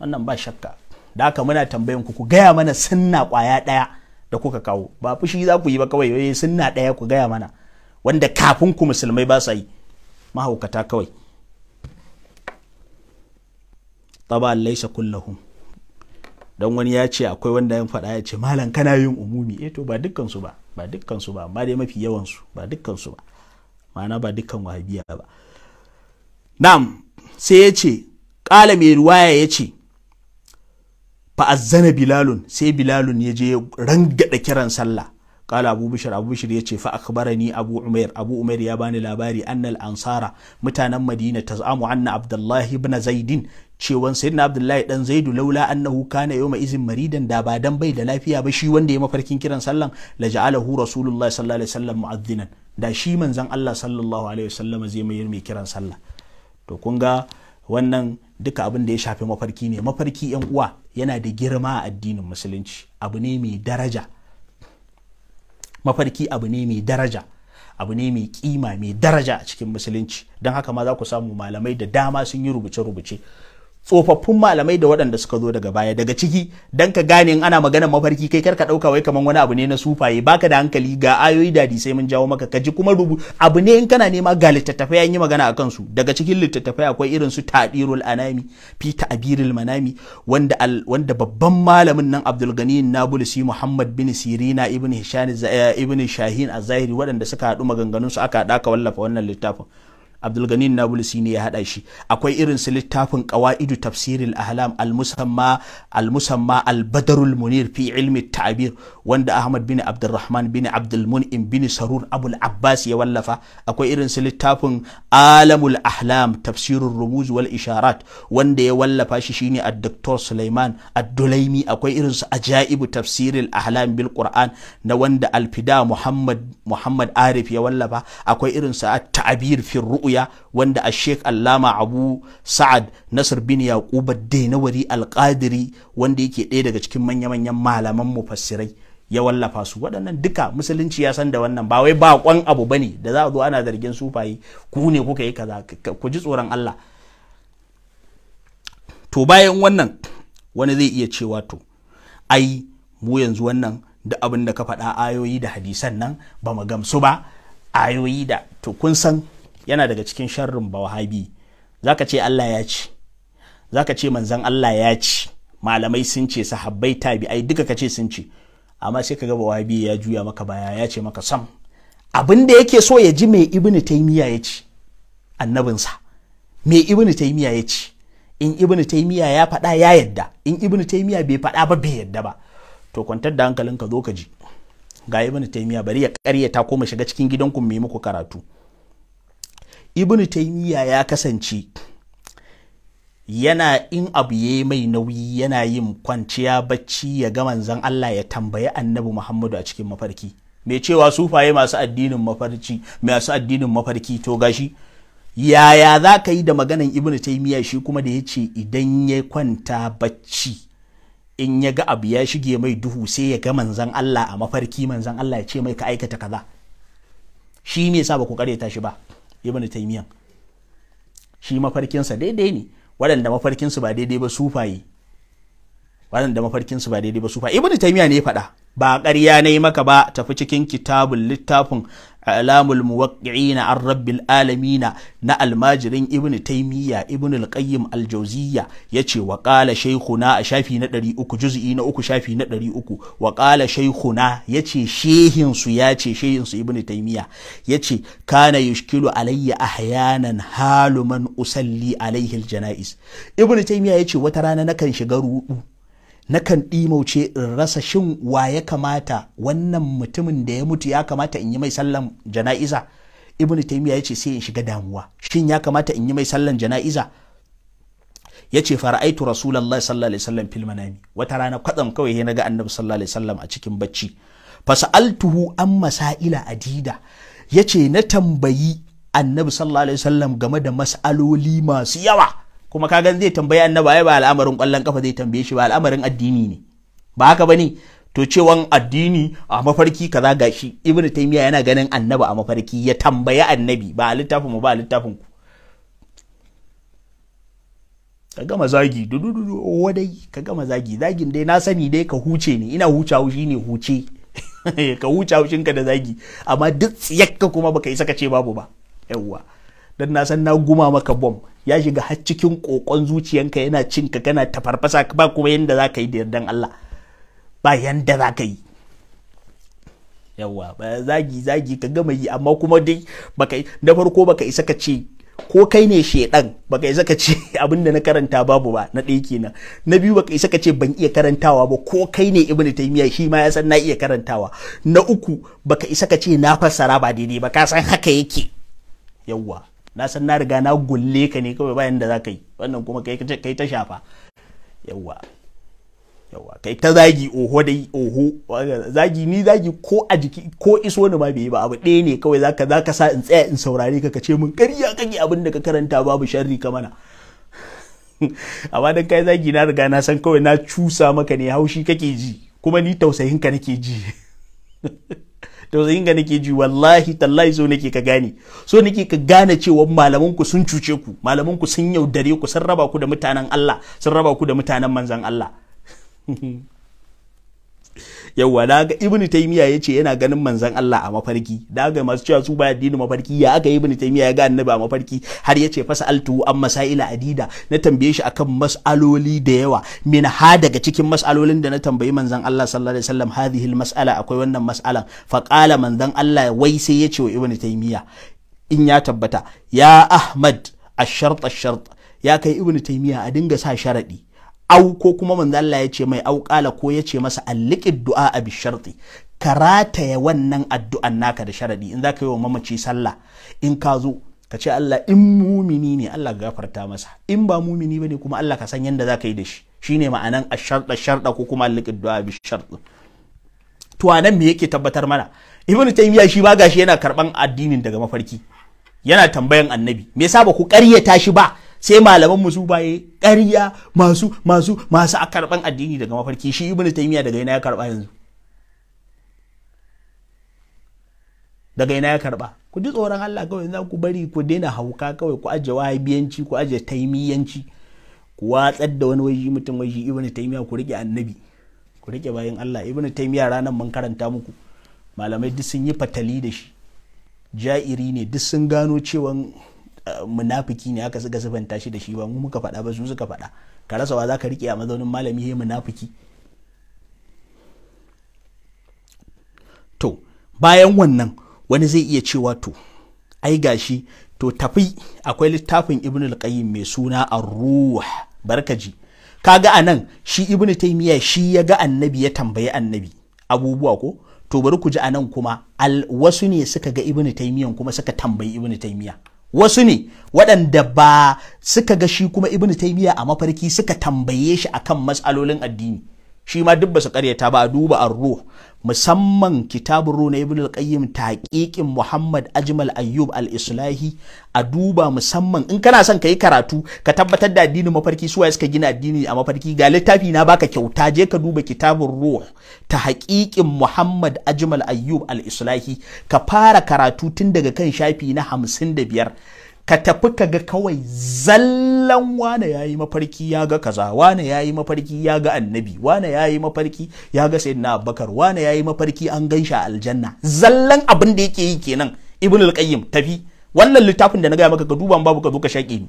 wannan ba shakka da haka muna tambayan ku ku gaya mana sunna kwaya daya da kuka kawo ba fushi za ku yi ba kawai yoyi eh, sunna daya ku gaya mana wanda kafin ku musulmai ba sa yi mahaukata kawai طبعا ليس don wani ya ce akwai wanda ya faɗa ya ce malam kana yin umumi eh to ba dukkan su ba ba dukkan su ba amma dai mafi yawan su ba dukkan su ba ma'ana ba dukkan wahabiya ba na'am sai ya ce ƙala mai ruwaya ya ce fa'azzana bilalun sai bilalun ya je rangada kiran sallah qala abu bishir abu bishir yace fa akhbarani abu umair abu umair ya bani labari annal ansara mutanen madina tazamu anna abdullahi ibn zaidin cewan sayyidina abdullahi dan zaidu laula annahu kana yawma izin maridan da ba dan bai da lafiya ba shi wanda ya mafarkin kiran sallan la ja'alahu rasulullah sallallahu alaihi wasallam mu'adhdhinan da shi manzan Allah sallallahu alaihi wasallam zai mayar mai kiran sallah to kun ga wannan duka abin da ya shafi mafarki ne mafarki yan uwa yana da girma a addinin musulunci abu ne mai daraja mafarki abu ne mai daraja abu ne mai kima mai daraja a cikin musulunci don haka ma za ku samu malamai da dama sun yi rubuce-rubuce tsofaffin malamai da waɗanda suka zo daga baya daga ciki dan ka gane in ana magana mafarki kai kar ka ɗauka wai kaman wani abu ne na sufaye baka da hankali ga ayoyi da sai mun jawo maka kaji kuma rubu abu ne in kana nema ga littattafai an yi magana akan su daga cikin littattafai akwai irin su tadirul anami fi ta'birul manami wanda babban malamin nan Abdul Gani Nabulusi Muhammad bin Sirina ibn eh, Shahin a zahiri waɗanda suka haɗu maganganun su aka haɗa ka wallafa wannan littafin abdulgani nabulusi ne ya hada shi akwai irin su littafin qawaidu tafsiril ahlam al-musamma al-musamma al-badrul munir fi ilmi ta'bir wanda ahmad bin abdurrahman bin abdul mun'im bin sarur abul abbas ya wallafa akwai irin su littafin alamul ahlam tafsirur rumuz wal isharat wanda ya wallafa shi shine ad-doktor sulaiman ad-dulaimi akwai irin su ajaibu tafsiril ahlam bil qur'an na wanda al-fida muhammad muhammad arif ya wallafa akwai irin su at-ta'bir fi ru'ya ruqya wanda a sheikh allama abu sa'ad nasir bin yaquba dainawari alqadiri wanda yake ɗaya daga cikin manya-manyan malaman mufassirai ya wallafa su waɗannan duka musulunci ya san da wannan ba wai baƙon abu bane da za a zo ana zargin sufaye ku ne kuka yi kaza ku ji tsoron Allah to bayan wannan wani zai iya cewa to ai mu yanzu wannan da abin da ka faɗa ayoyi da hadisan nan ba mu gamsu ba ayoyi da to kun san yana daga cikin sharrin bawahabi ka ce Allah ya ce zaka ce manzan Allah ya ci malamai sun ce sahabbai ai duka ka ce sun ce amma sai ka ga bawahabi ya juya maka baya ya ce maka sam abin da yake so ya ji mai ibnu taymiya ya ce annabinsa mai ibnu taymiya ya ce in ibnu taymiya ya faɗa ya yadda in ibnu taymiya bai faɗa ba bai yadda ba to kwantar da hankalinka zo ka ji ga ibnu taymiya bari ya ƙaryata ko mu shiga cikin gidanku ku yi muku karatu ibn taimiyya ya kasance yana in abu ya yi mai nauyi yana yin kwanciya bacci ya ga manzan Allah ya tambayi annabi Muhammadu a cikin mafarki mai cewa sufaye masu addinin mafarki masu addinin mafarki to gashi yaya za ka yi da maganan ibn taimiyya shi kuma da ya ce idan ya kwanta bacci in ya ga abu ya shige mai duhu sai ya ga manzan Allah a mafarki manzan Allah ya ce mai ka aikata kaza shi me sa ba ku shi ba ibn taymiya shi mafarkinsa daidai ne waɗanda mafarkinsu ba daidai ba sufaye waɗanda mafarkinsu ba daidai ba su fa ibnu taymiya ne ya faɗa ba ƙarya ne maka ba tafi cikin kitabun littafin alamul eh, muwaqqi'in ar rabbil alamina na almajirin ibnu taymiya ibnu alqayyim aljawziyya yace wa qala shaykhuna a shafi na 300 juz'i na uku shafi na 300 wa qala shaykhuna yace shehin su yace shehin su ibnu taymiya yace kana yushkilu alayya ahyanan haluman usalli alayhi aljanais ibnu taymiya yace wata rana nakan shiga rudu nakan ɗimauce in rasa shin wa ya kamata wannan mutumin da ya mutu ya kamata in yi mai sallan jana'iza ibn taymiya yace sai in shiga damuwa shin ya kamata in yi mai sallan jana'iza yace fara'aitu Rasulallah sallallahu alaihi wasallam fil manami wata rana kwatsam kawai sai naga annabi sallallahu alaihi wasallam a cikin bacci fasaltuhu an masaila adida yace na tambayi annabi sallallahu alaihi wasallam game da mas'aloli masu yawa kuma kaga zai tambayi annaba ai ba al'amarin kwallon kafa zai tambaye shi ba al'amarin addini ne ba haka bane to cewan addini a mafarki kaza gashi ibnu taymiya yana ganin annaba a mafarki ya tambayi annabi ba a littafin mu ba littafin ku ka gama zagi dududu wadai oh, ka gama zagi zagin dai na sani dai ka huce ne ina huce haushi ne huce [LAUGHS] ka huce haushinka da zagi amma duk tsiyakka kuma baka isa saka ce babu ba yawwa dan na san na guma maka bom ya shiga har cikin kokon zuciyanka yana cinka kana tafarfasa ba kuma yanda za ka yi da yardan Allah ba yanda za ka yi yawa ba zagi zagi ka gama yi amma kuma dai baka na farko baka isa ka ce ko kai ne shedan baka isa ka ce [LAUGHS] abinda na karanta babu ba na ɗaya kenan na biyu baka isa ka ce ban iya karantawa ba ko kai ne ibn taymiya shi ma ya san na iya karantawa na uku baka isa ka ce na fassara ba daidai ba ka san haka yake yawa na san na riga na gulle ka ne kawai bayan da za ka yi wannan kuma kai ta shafa yawwa yawwa kai ta zagi oho dai oho zagi ni zagi ko a jiki ko iso ni ma bai yi ba abu ɗaya ne kawai zaka zaka sa in tsaya in saurari ka kace min ƙarya kake abin da ka karanta babu sharri ka mana [LAUGHS] amma dan kai zagi na riga na san kawai na cusa maka ne haushi kake ji kuma ni tausayin ka nake ji [LAUGHS] tausayin ga nake ji wallahi tallahi so nake ka gane so nake ka gane cewa malaman ku sun cuce ku malaman ku sun yaudare ku sun raba ku da mutanen Allah sun raba ku da mutanen manzan Allah [LAUGHS] yauwa da ga ibnu ya ce yana ganin manzon Allah a mafarki da ga masu cewa su ba addinin mafarki ya aka ibnu taymiya ya ga annabi a mafarki har ya yace fasaltu an masaila adida na tambaye shi akan mas'aloli da yawa min ha daga cikin mas'alolin da na tambayi manzon Allah sallallahu alaihi wasallam hadhihi mas'ala akwai wannan mas'alan fa qala manzon Allah wai sai ya ce wa ibnu taymiya in ya tabbata ya ahmad ash-shart ash ya kai ibnu taymiya a dinga sa sharadi au ko kuma manzo Allah ya ce mai au ko ya ce masa alliqid du'a bi sharti ka rataya wannan addu'an naka da sharadi in za ka yi wa mamaci sallah in ka zo ka ce Allah in mumini ne Allah gafarta masa in ba mumini bane kuma Allah ka san yanda ka yi da shi shine ma'anan sharɗa sharɗa ko kuma alliqid du'a bi sharti to anan me yake tabbatar mana ibn taymiya shi ba gashi yana karban addinin daga mafarki yana tambayan annabi me yasa ba ku ƙaryata shi ba sai malaman mu su baye eh, ƙarya masu masu masu a karban addini daga mafarki shi ibnu taymiya daga ina ya karba yanzu daga ina ya karɓa ku ji tsoron Allah kawai za ku bari ku daina hauka kawai ku aje wahabiyanci ku aje taimiyanci ku watsar da wani waje mutum waje ibnu taymiya ku rike annabi ku rike bayan Allah ibnu taymiya ranan mun karanta muku malamai duk sun yi fatali da shi ja'iri ne duk sun gano cewa munafiki ne aka suka sifanta shi da shi ba mu muka faɗa ba su suka faɗa ka rasa wa zaka rike a mazaunin malami he munafiki to bayan wannan wani zai iya cewa to ai gashi to tafi akwai littafin ibnu al mai suna ar-ruh barkaji kaga anan shi ibnu taymiya shi ya ga annabi ya tambayi annabi abubuwa ko to bari ku ji anan kuma al wasu ne suka ga ibnu taymiyan kuma suka tambayi ibnu taymiya wasu ne waɗanda ba suka ga shi kuma ibnu taimiyya a mafarki suka tambaye shi akan matsalolin addini shi ma duk basu karyata ba a duba an ruh musamman kitabun ruh na ibn al-qayyim taqiqin muhammad ajmal ayyub al-islahi a duba musamman in kana son kai karatu ka tabbatar da addinin mafarki suwaye suka gina addini a mafarki ga littafi na baka kyauta je ka duba kitabun ruh haqiqin muhammad ajmal ayyub al-islahi ka fara karatu tun daga kan shafi na 55 ka tafi ka ga kawai zallan wane ya yi mafarki ya ga kaza wane ya yi mafarki ya ga annabi wane ya yi mafarki ya ga sayyidina abubakar wane ya yi mafarki an gan shi a aljanna zallan abin da yake yi kenan ibn al tafi wannan littafin da na gaya maka ka duba babu ka zo ka shaƙe ni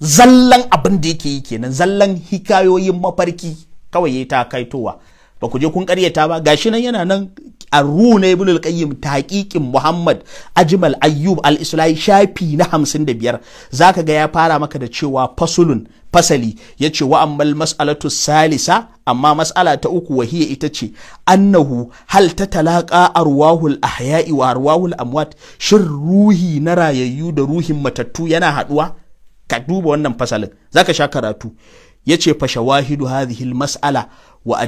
zallan abin da yake yi kenan zallan hikayoyin mafarki kawai ya ta kaitowa ba ku je kun karyata ba shi nan yana nan arru na ibn al-qayyim taqiqin muhammad ajmal ayyub al-islahi shafi na hamsin da biyar zaka ga ya fara maka da cewa fasulun fasali yace wa ammal mas'alatu salisa amma mas'ala ta uku wahiya ita ce annahu hal ta talaqa arwahul ahya'i wa arwahul amwat shin ruhi na rayayyu da ruhin matattu yana haduwa ka duba wannan fasalin zaka sha karatu yace fa shawahidu hadhihi almas'ala wa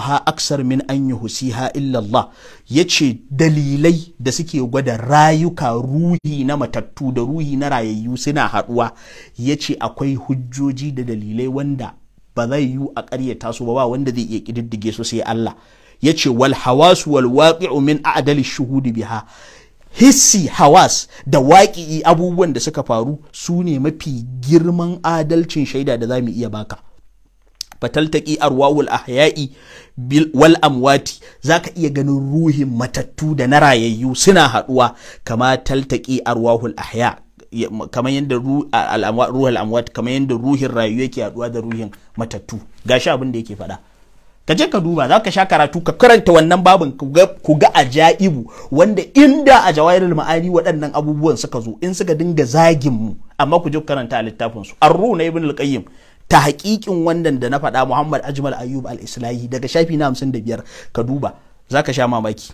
ha aksar min an yuhsiha illa Allah yace dalilai da suke gwada rayuka ruhi na matattu da ruhi na rayayyu suna haduwa yace akwai hujjoji da dalilai wanda ba zai yiwu a ƙaryata su ba ba wanda zai iya ƙididdige su sai Allah yace wal hawasu wal waqi'u min a'dali shuhudi biha hissi hawas da waƙi'i abubuwan da suka faru su ne mafi girman adalcin shaida da za mu iya baka fataltaki arwawul ahya'i wal amwati zaka iya ganin ruhin matattu da na rayayyu suna haɗuwa kama taltaki arwahul ahya kamar yadda ruhul amwat kamar yadda ruhin rayuwa yake haɗuwa da ruhin matattu gashi abin da yake faɗa ka je ka duba za ka sha karatu ka karanta wannan babin ku ga ajaibu wanda inda a jawayar ma'ani waɗannan abubuwan suka zo in suka dinga zagin mu amma ku je karanta a littafin su arru na ibn al-qayyim ta haƙiƙin wannan da na faɗa Muhammad Ajmal Ayyub al-Islahi daga shafi na hamsin da biyar. ka duba za ka sha mamaki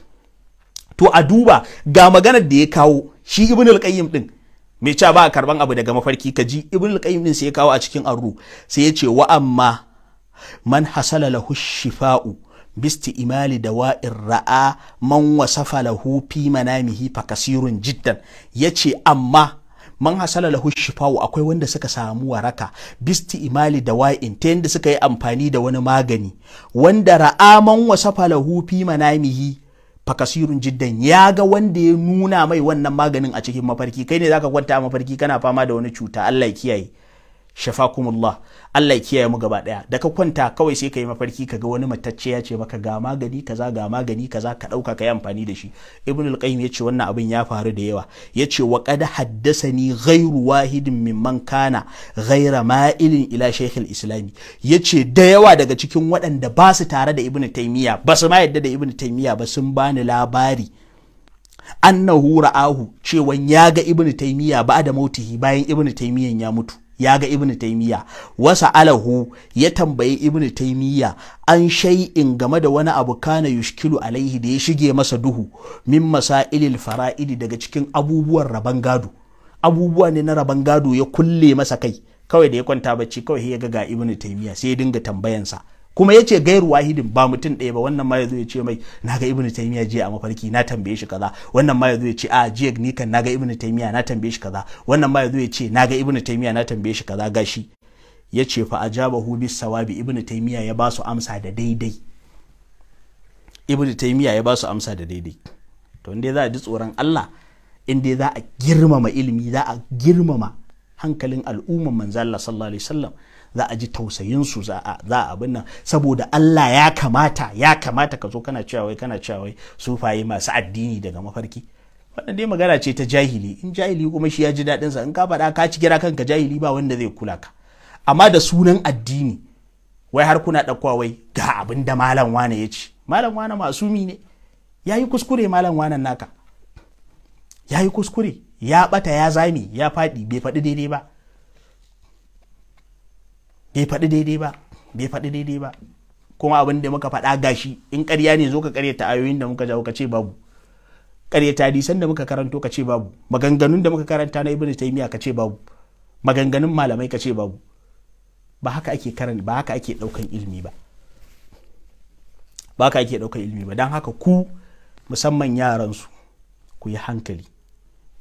to a duba ga maganar da ya kawo shi ibn al-qayyim din me cewa ba karban abu daga mafarki ka ji ibn al-qayyim din sai ya kawo a cikin arru sai ya ce wa amma man hasala lahu shifa'u bisti imali da wa'in ra'a man wasafa lahu fi manamihi fakasirun jiddan yace amma man hasala lahu shifa'u akwai wanda suka samu waraka bisti imali da wa'in ta yadda suka yi amfani da wani magani wanda ra'a man wasafa lahu fi manamihi fakasirun jiddan ya ga wanda ya nuna mai wannan maganin a cikin mafarki kai ne zaka kwanta a mafarki kana fama da wani cuta Allah ya kiyaye shafakumullah Allah ya kiyaye mu gaba daya da ka kwanta kawai sai ka yi mafarki ka ga wani matacce ya ce maka ga magani kaza ga magani kaza ka dauka ka yi amfani da shi ibn al-qayyim yace wannan abin ya faru da yawa yace wa qad haddathani ghairu wahidin mimman kana ghaira ma'ilin ila shaykh al-islami yace da yawa daga cikin waɗanda ba su tare da ibn taymiya ba su ma yadda da ibn taymiya ba sun bani labari annahu ra'ahu cewan ya ga ibn taymiya ba da mautihi bayan ibn taymiyan ya mutu ya ga ibn taymiya wasa alahu ya tambayi ibn taymiya an shay'in game da wani abu kana yushkilu alaihi da ya shige masa duhu min masailil fara'idi daga cikin abubuwan raban gado abubuwa ne na raban gado ya kulle masa kai kawai da ya kwanta bacci kawai ya ga ga ibn taymiya sai ya dinga tambayansa kuma ya ce gairu wahidin ba mutum ɗaya ba wannan ma ya zo ya ce mai naga ibnu taimiya jiya a mafarki na tambaye shi kaza wannan ma ya zo ya ce a jiya ni kan naga ibnu taimiya na tambaye shi kaza wannan ma ya zo ya ce ga ibnu taimiya na tambaye shi kaza gashi ya ce fa ajabahu bis sawabi ibnu taimiya ya ba su amsa da daidai ibnu taimiya ya ba su amsa da daidai to inda za a ji tsoron Allah inda za a girmama ilimi za a girmama hankalin al'umman manzo Allah sallallahu alaihi wasallam za a ji tausayin su za a za abin nan saboda Allah ya kamata ya kamata ka zo kana cewa wai kana cewa wai faye masu addini daga mafarki wannan dai magana ce ta jahili in jahili kuma shi ya ji daɗin sa in ka faɗa ka ci gira kanka jahili ba wanda zai kula ka amma da sunan addini wai har kuna ɗaukowa wai ga abin da malam wane ya ci malam wane masumi ne ya kuskure malam wane naka Yayi kuskure ya ɓata ya zami ya faɗi bai faɗi daidai ba bai faɗi daidai ba bai faɗi daidai ba kuma abin da muka faɗa gashi in ƙarya ne zo ka ƙaryata ayoyin da muka jawo ka ce babu ƙaryata hadisan da muka karanto ka ce babu maganganun da muka karanta na ibnu taymiya ka ce babu maganganun malamai ka ce babu ba haka ake karanta ba haka ake daukan ilimi ba ba haka ake daukan ilimi ba don haka ku musamman yaransu ku yi hankali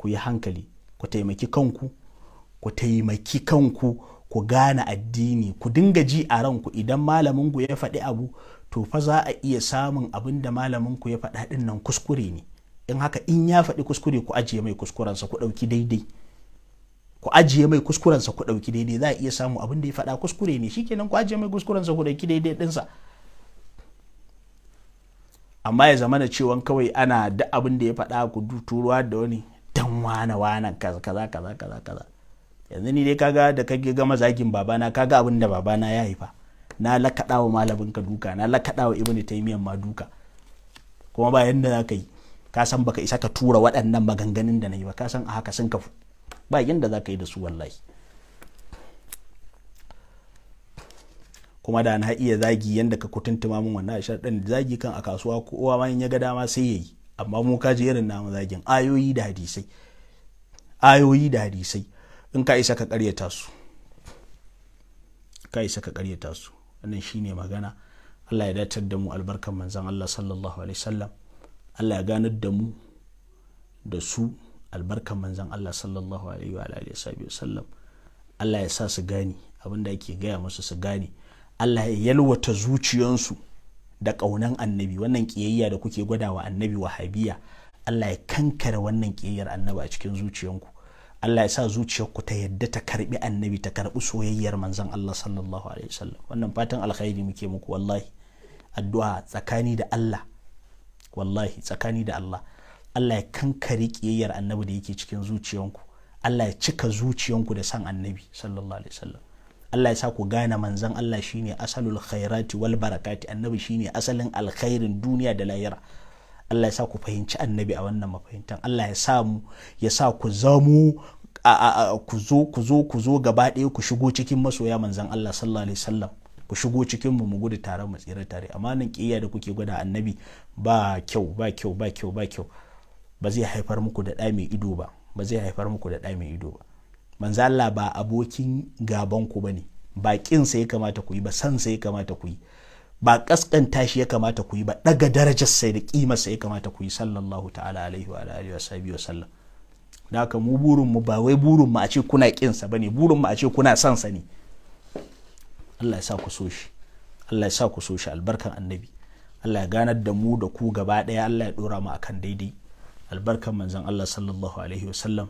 ku yi hankali ku taimaki kanku ku taimaki kanku ku gane addini ku dinga ji a ranku idan malamin ku ya faɗi abu to fa za a iya samun abin da malamin ku ya faɗa ɗin nan kuskure ne in haka in ya faɗi kuskure ku ajiye mai kuskurensa ku ɗauki daidai ku ajiye mai kuskurensa ku ɗauki daidai za a iya samu abin da ya faɗa kuskure ne shikenan ku ajiye mai kuskurensa ku ɗauki daidai ɗinsa amma ya zamana cewa kawai ana da abin da ya faɗa ku turuwa da wani dan wane wane kaza kaza kaza kaza yanzu ni dai kaga da kake gama zagin babana kaga abin da babana ya haifa na lakaɗawa malamin ka duka na lakaɗawa ibnu taymiyyah ma duka kuma ba yanda za ka yi ka san baka isa ka tura waɗannan maganganun da na yi ba ka san a haka sun kafu ba yanda za ka yi da su wallahi kuma da na iya zagi yadda ka kutuntuma min wannan ashar din zagi kan a kasuwa kowa ma ya ga dama sai yayi amma mu kaji irin namu zagin ayoyi da hadisai ayoyi da hadisai in ka isa ka karyata su ka isa ka karyata su wannan shine magana Allah ya datar da mu albarkan manzon Allah sallallahu alaihi wasallam Allah ya ganar da mu da su albarkan manzon Allah sallallahu alaihi wasallam Allah ya sa su gane abin da ake gaya masu su gane Allah ya yalwata zuciyansu da ƙaunan annabi wannan ƙiyayya da kuke wa annabi wahabiya Allah ya kankare wannan ƙiyayyar annabi a cikin zuciyanku Allah ya sa zuciyarku ta yadda ta karbi annabi ta karbi soyayyar manzan Allah sallallahu alaihi wasallam wannan fatan alkhairi muke muku wallahi addu'a tsakani da Allah wallahi tsakani da Allah Allah ya kankare kiyayyar annabi da yake cikin zuciyanku Allah ya cika zuciyanku da san annabi sallallahu alaihi wasallam Allah ya sa ku gane manzan Allah shine asalul khairati wal barakati annabi shine asalin alkhairin duniya da lahira Allah ya sa ku fahimci annabi a wannan mafahimtan Allah ya sa mu ya sa ku zamu ku zo ku zo ku zo gaba ɗaya ku shigo cikin masoya manzon Allah sallallahu alaihi wasallam ku shigo cikin mu mu gudu tare mu tsira tare amma nan kiyaya da kuke gwada annabi ba kyau ba kyau ba kyau ba kyau ba zai haifar muku da ɗa mai ido ba ba zai haifar muku da ɗa mai ido ba manzo Allah ba abokin gaban ku bane ba kin ya kamata ku yi ba san ya kamata ku yi ba kaskanta shi ya kamata ku yi ba daga darajar sai da kima sai ya kamata ku yi sallallahu ta'ala alaihi wa alihi wa sahbihi wa sallam da haka mu burin mu ba wai burin mu a ce kuna kin sa bane burin mu a ce kuna son sa ne Allah ya sa ku so shi Allah ya sa ku so shi albarkan annabi Allah ya ganar da mu da ku gaba daya Allah ya dora mu akan daidai albarkan manzon Allah sallallahu alaihi wa sallam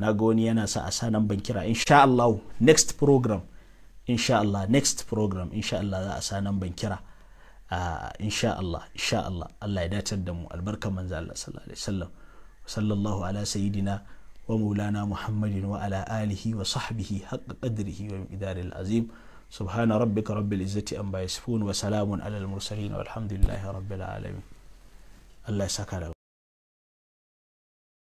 na ga wani yana sa a sanan ban kira insha Allah next program insha Allah next program insha Allah za a sa nan ban kira ah, insha Allah insha Allah Allah ya dace da mu albarkar manzo Allah sallallahu alaihi wasallam sallallahu ala sayyidina wa maulana muhammadin wa ala alihi wa sahbihi haqqa qadrihi wa miqdaril azim subhana rabbika rabbil izzati amma yasifun wa salamun alal mursalin walhamdulillahi rabbil alamin Allah ya saka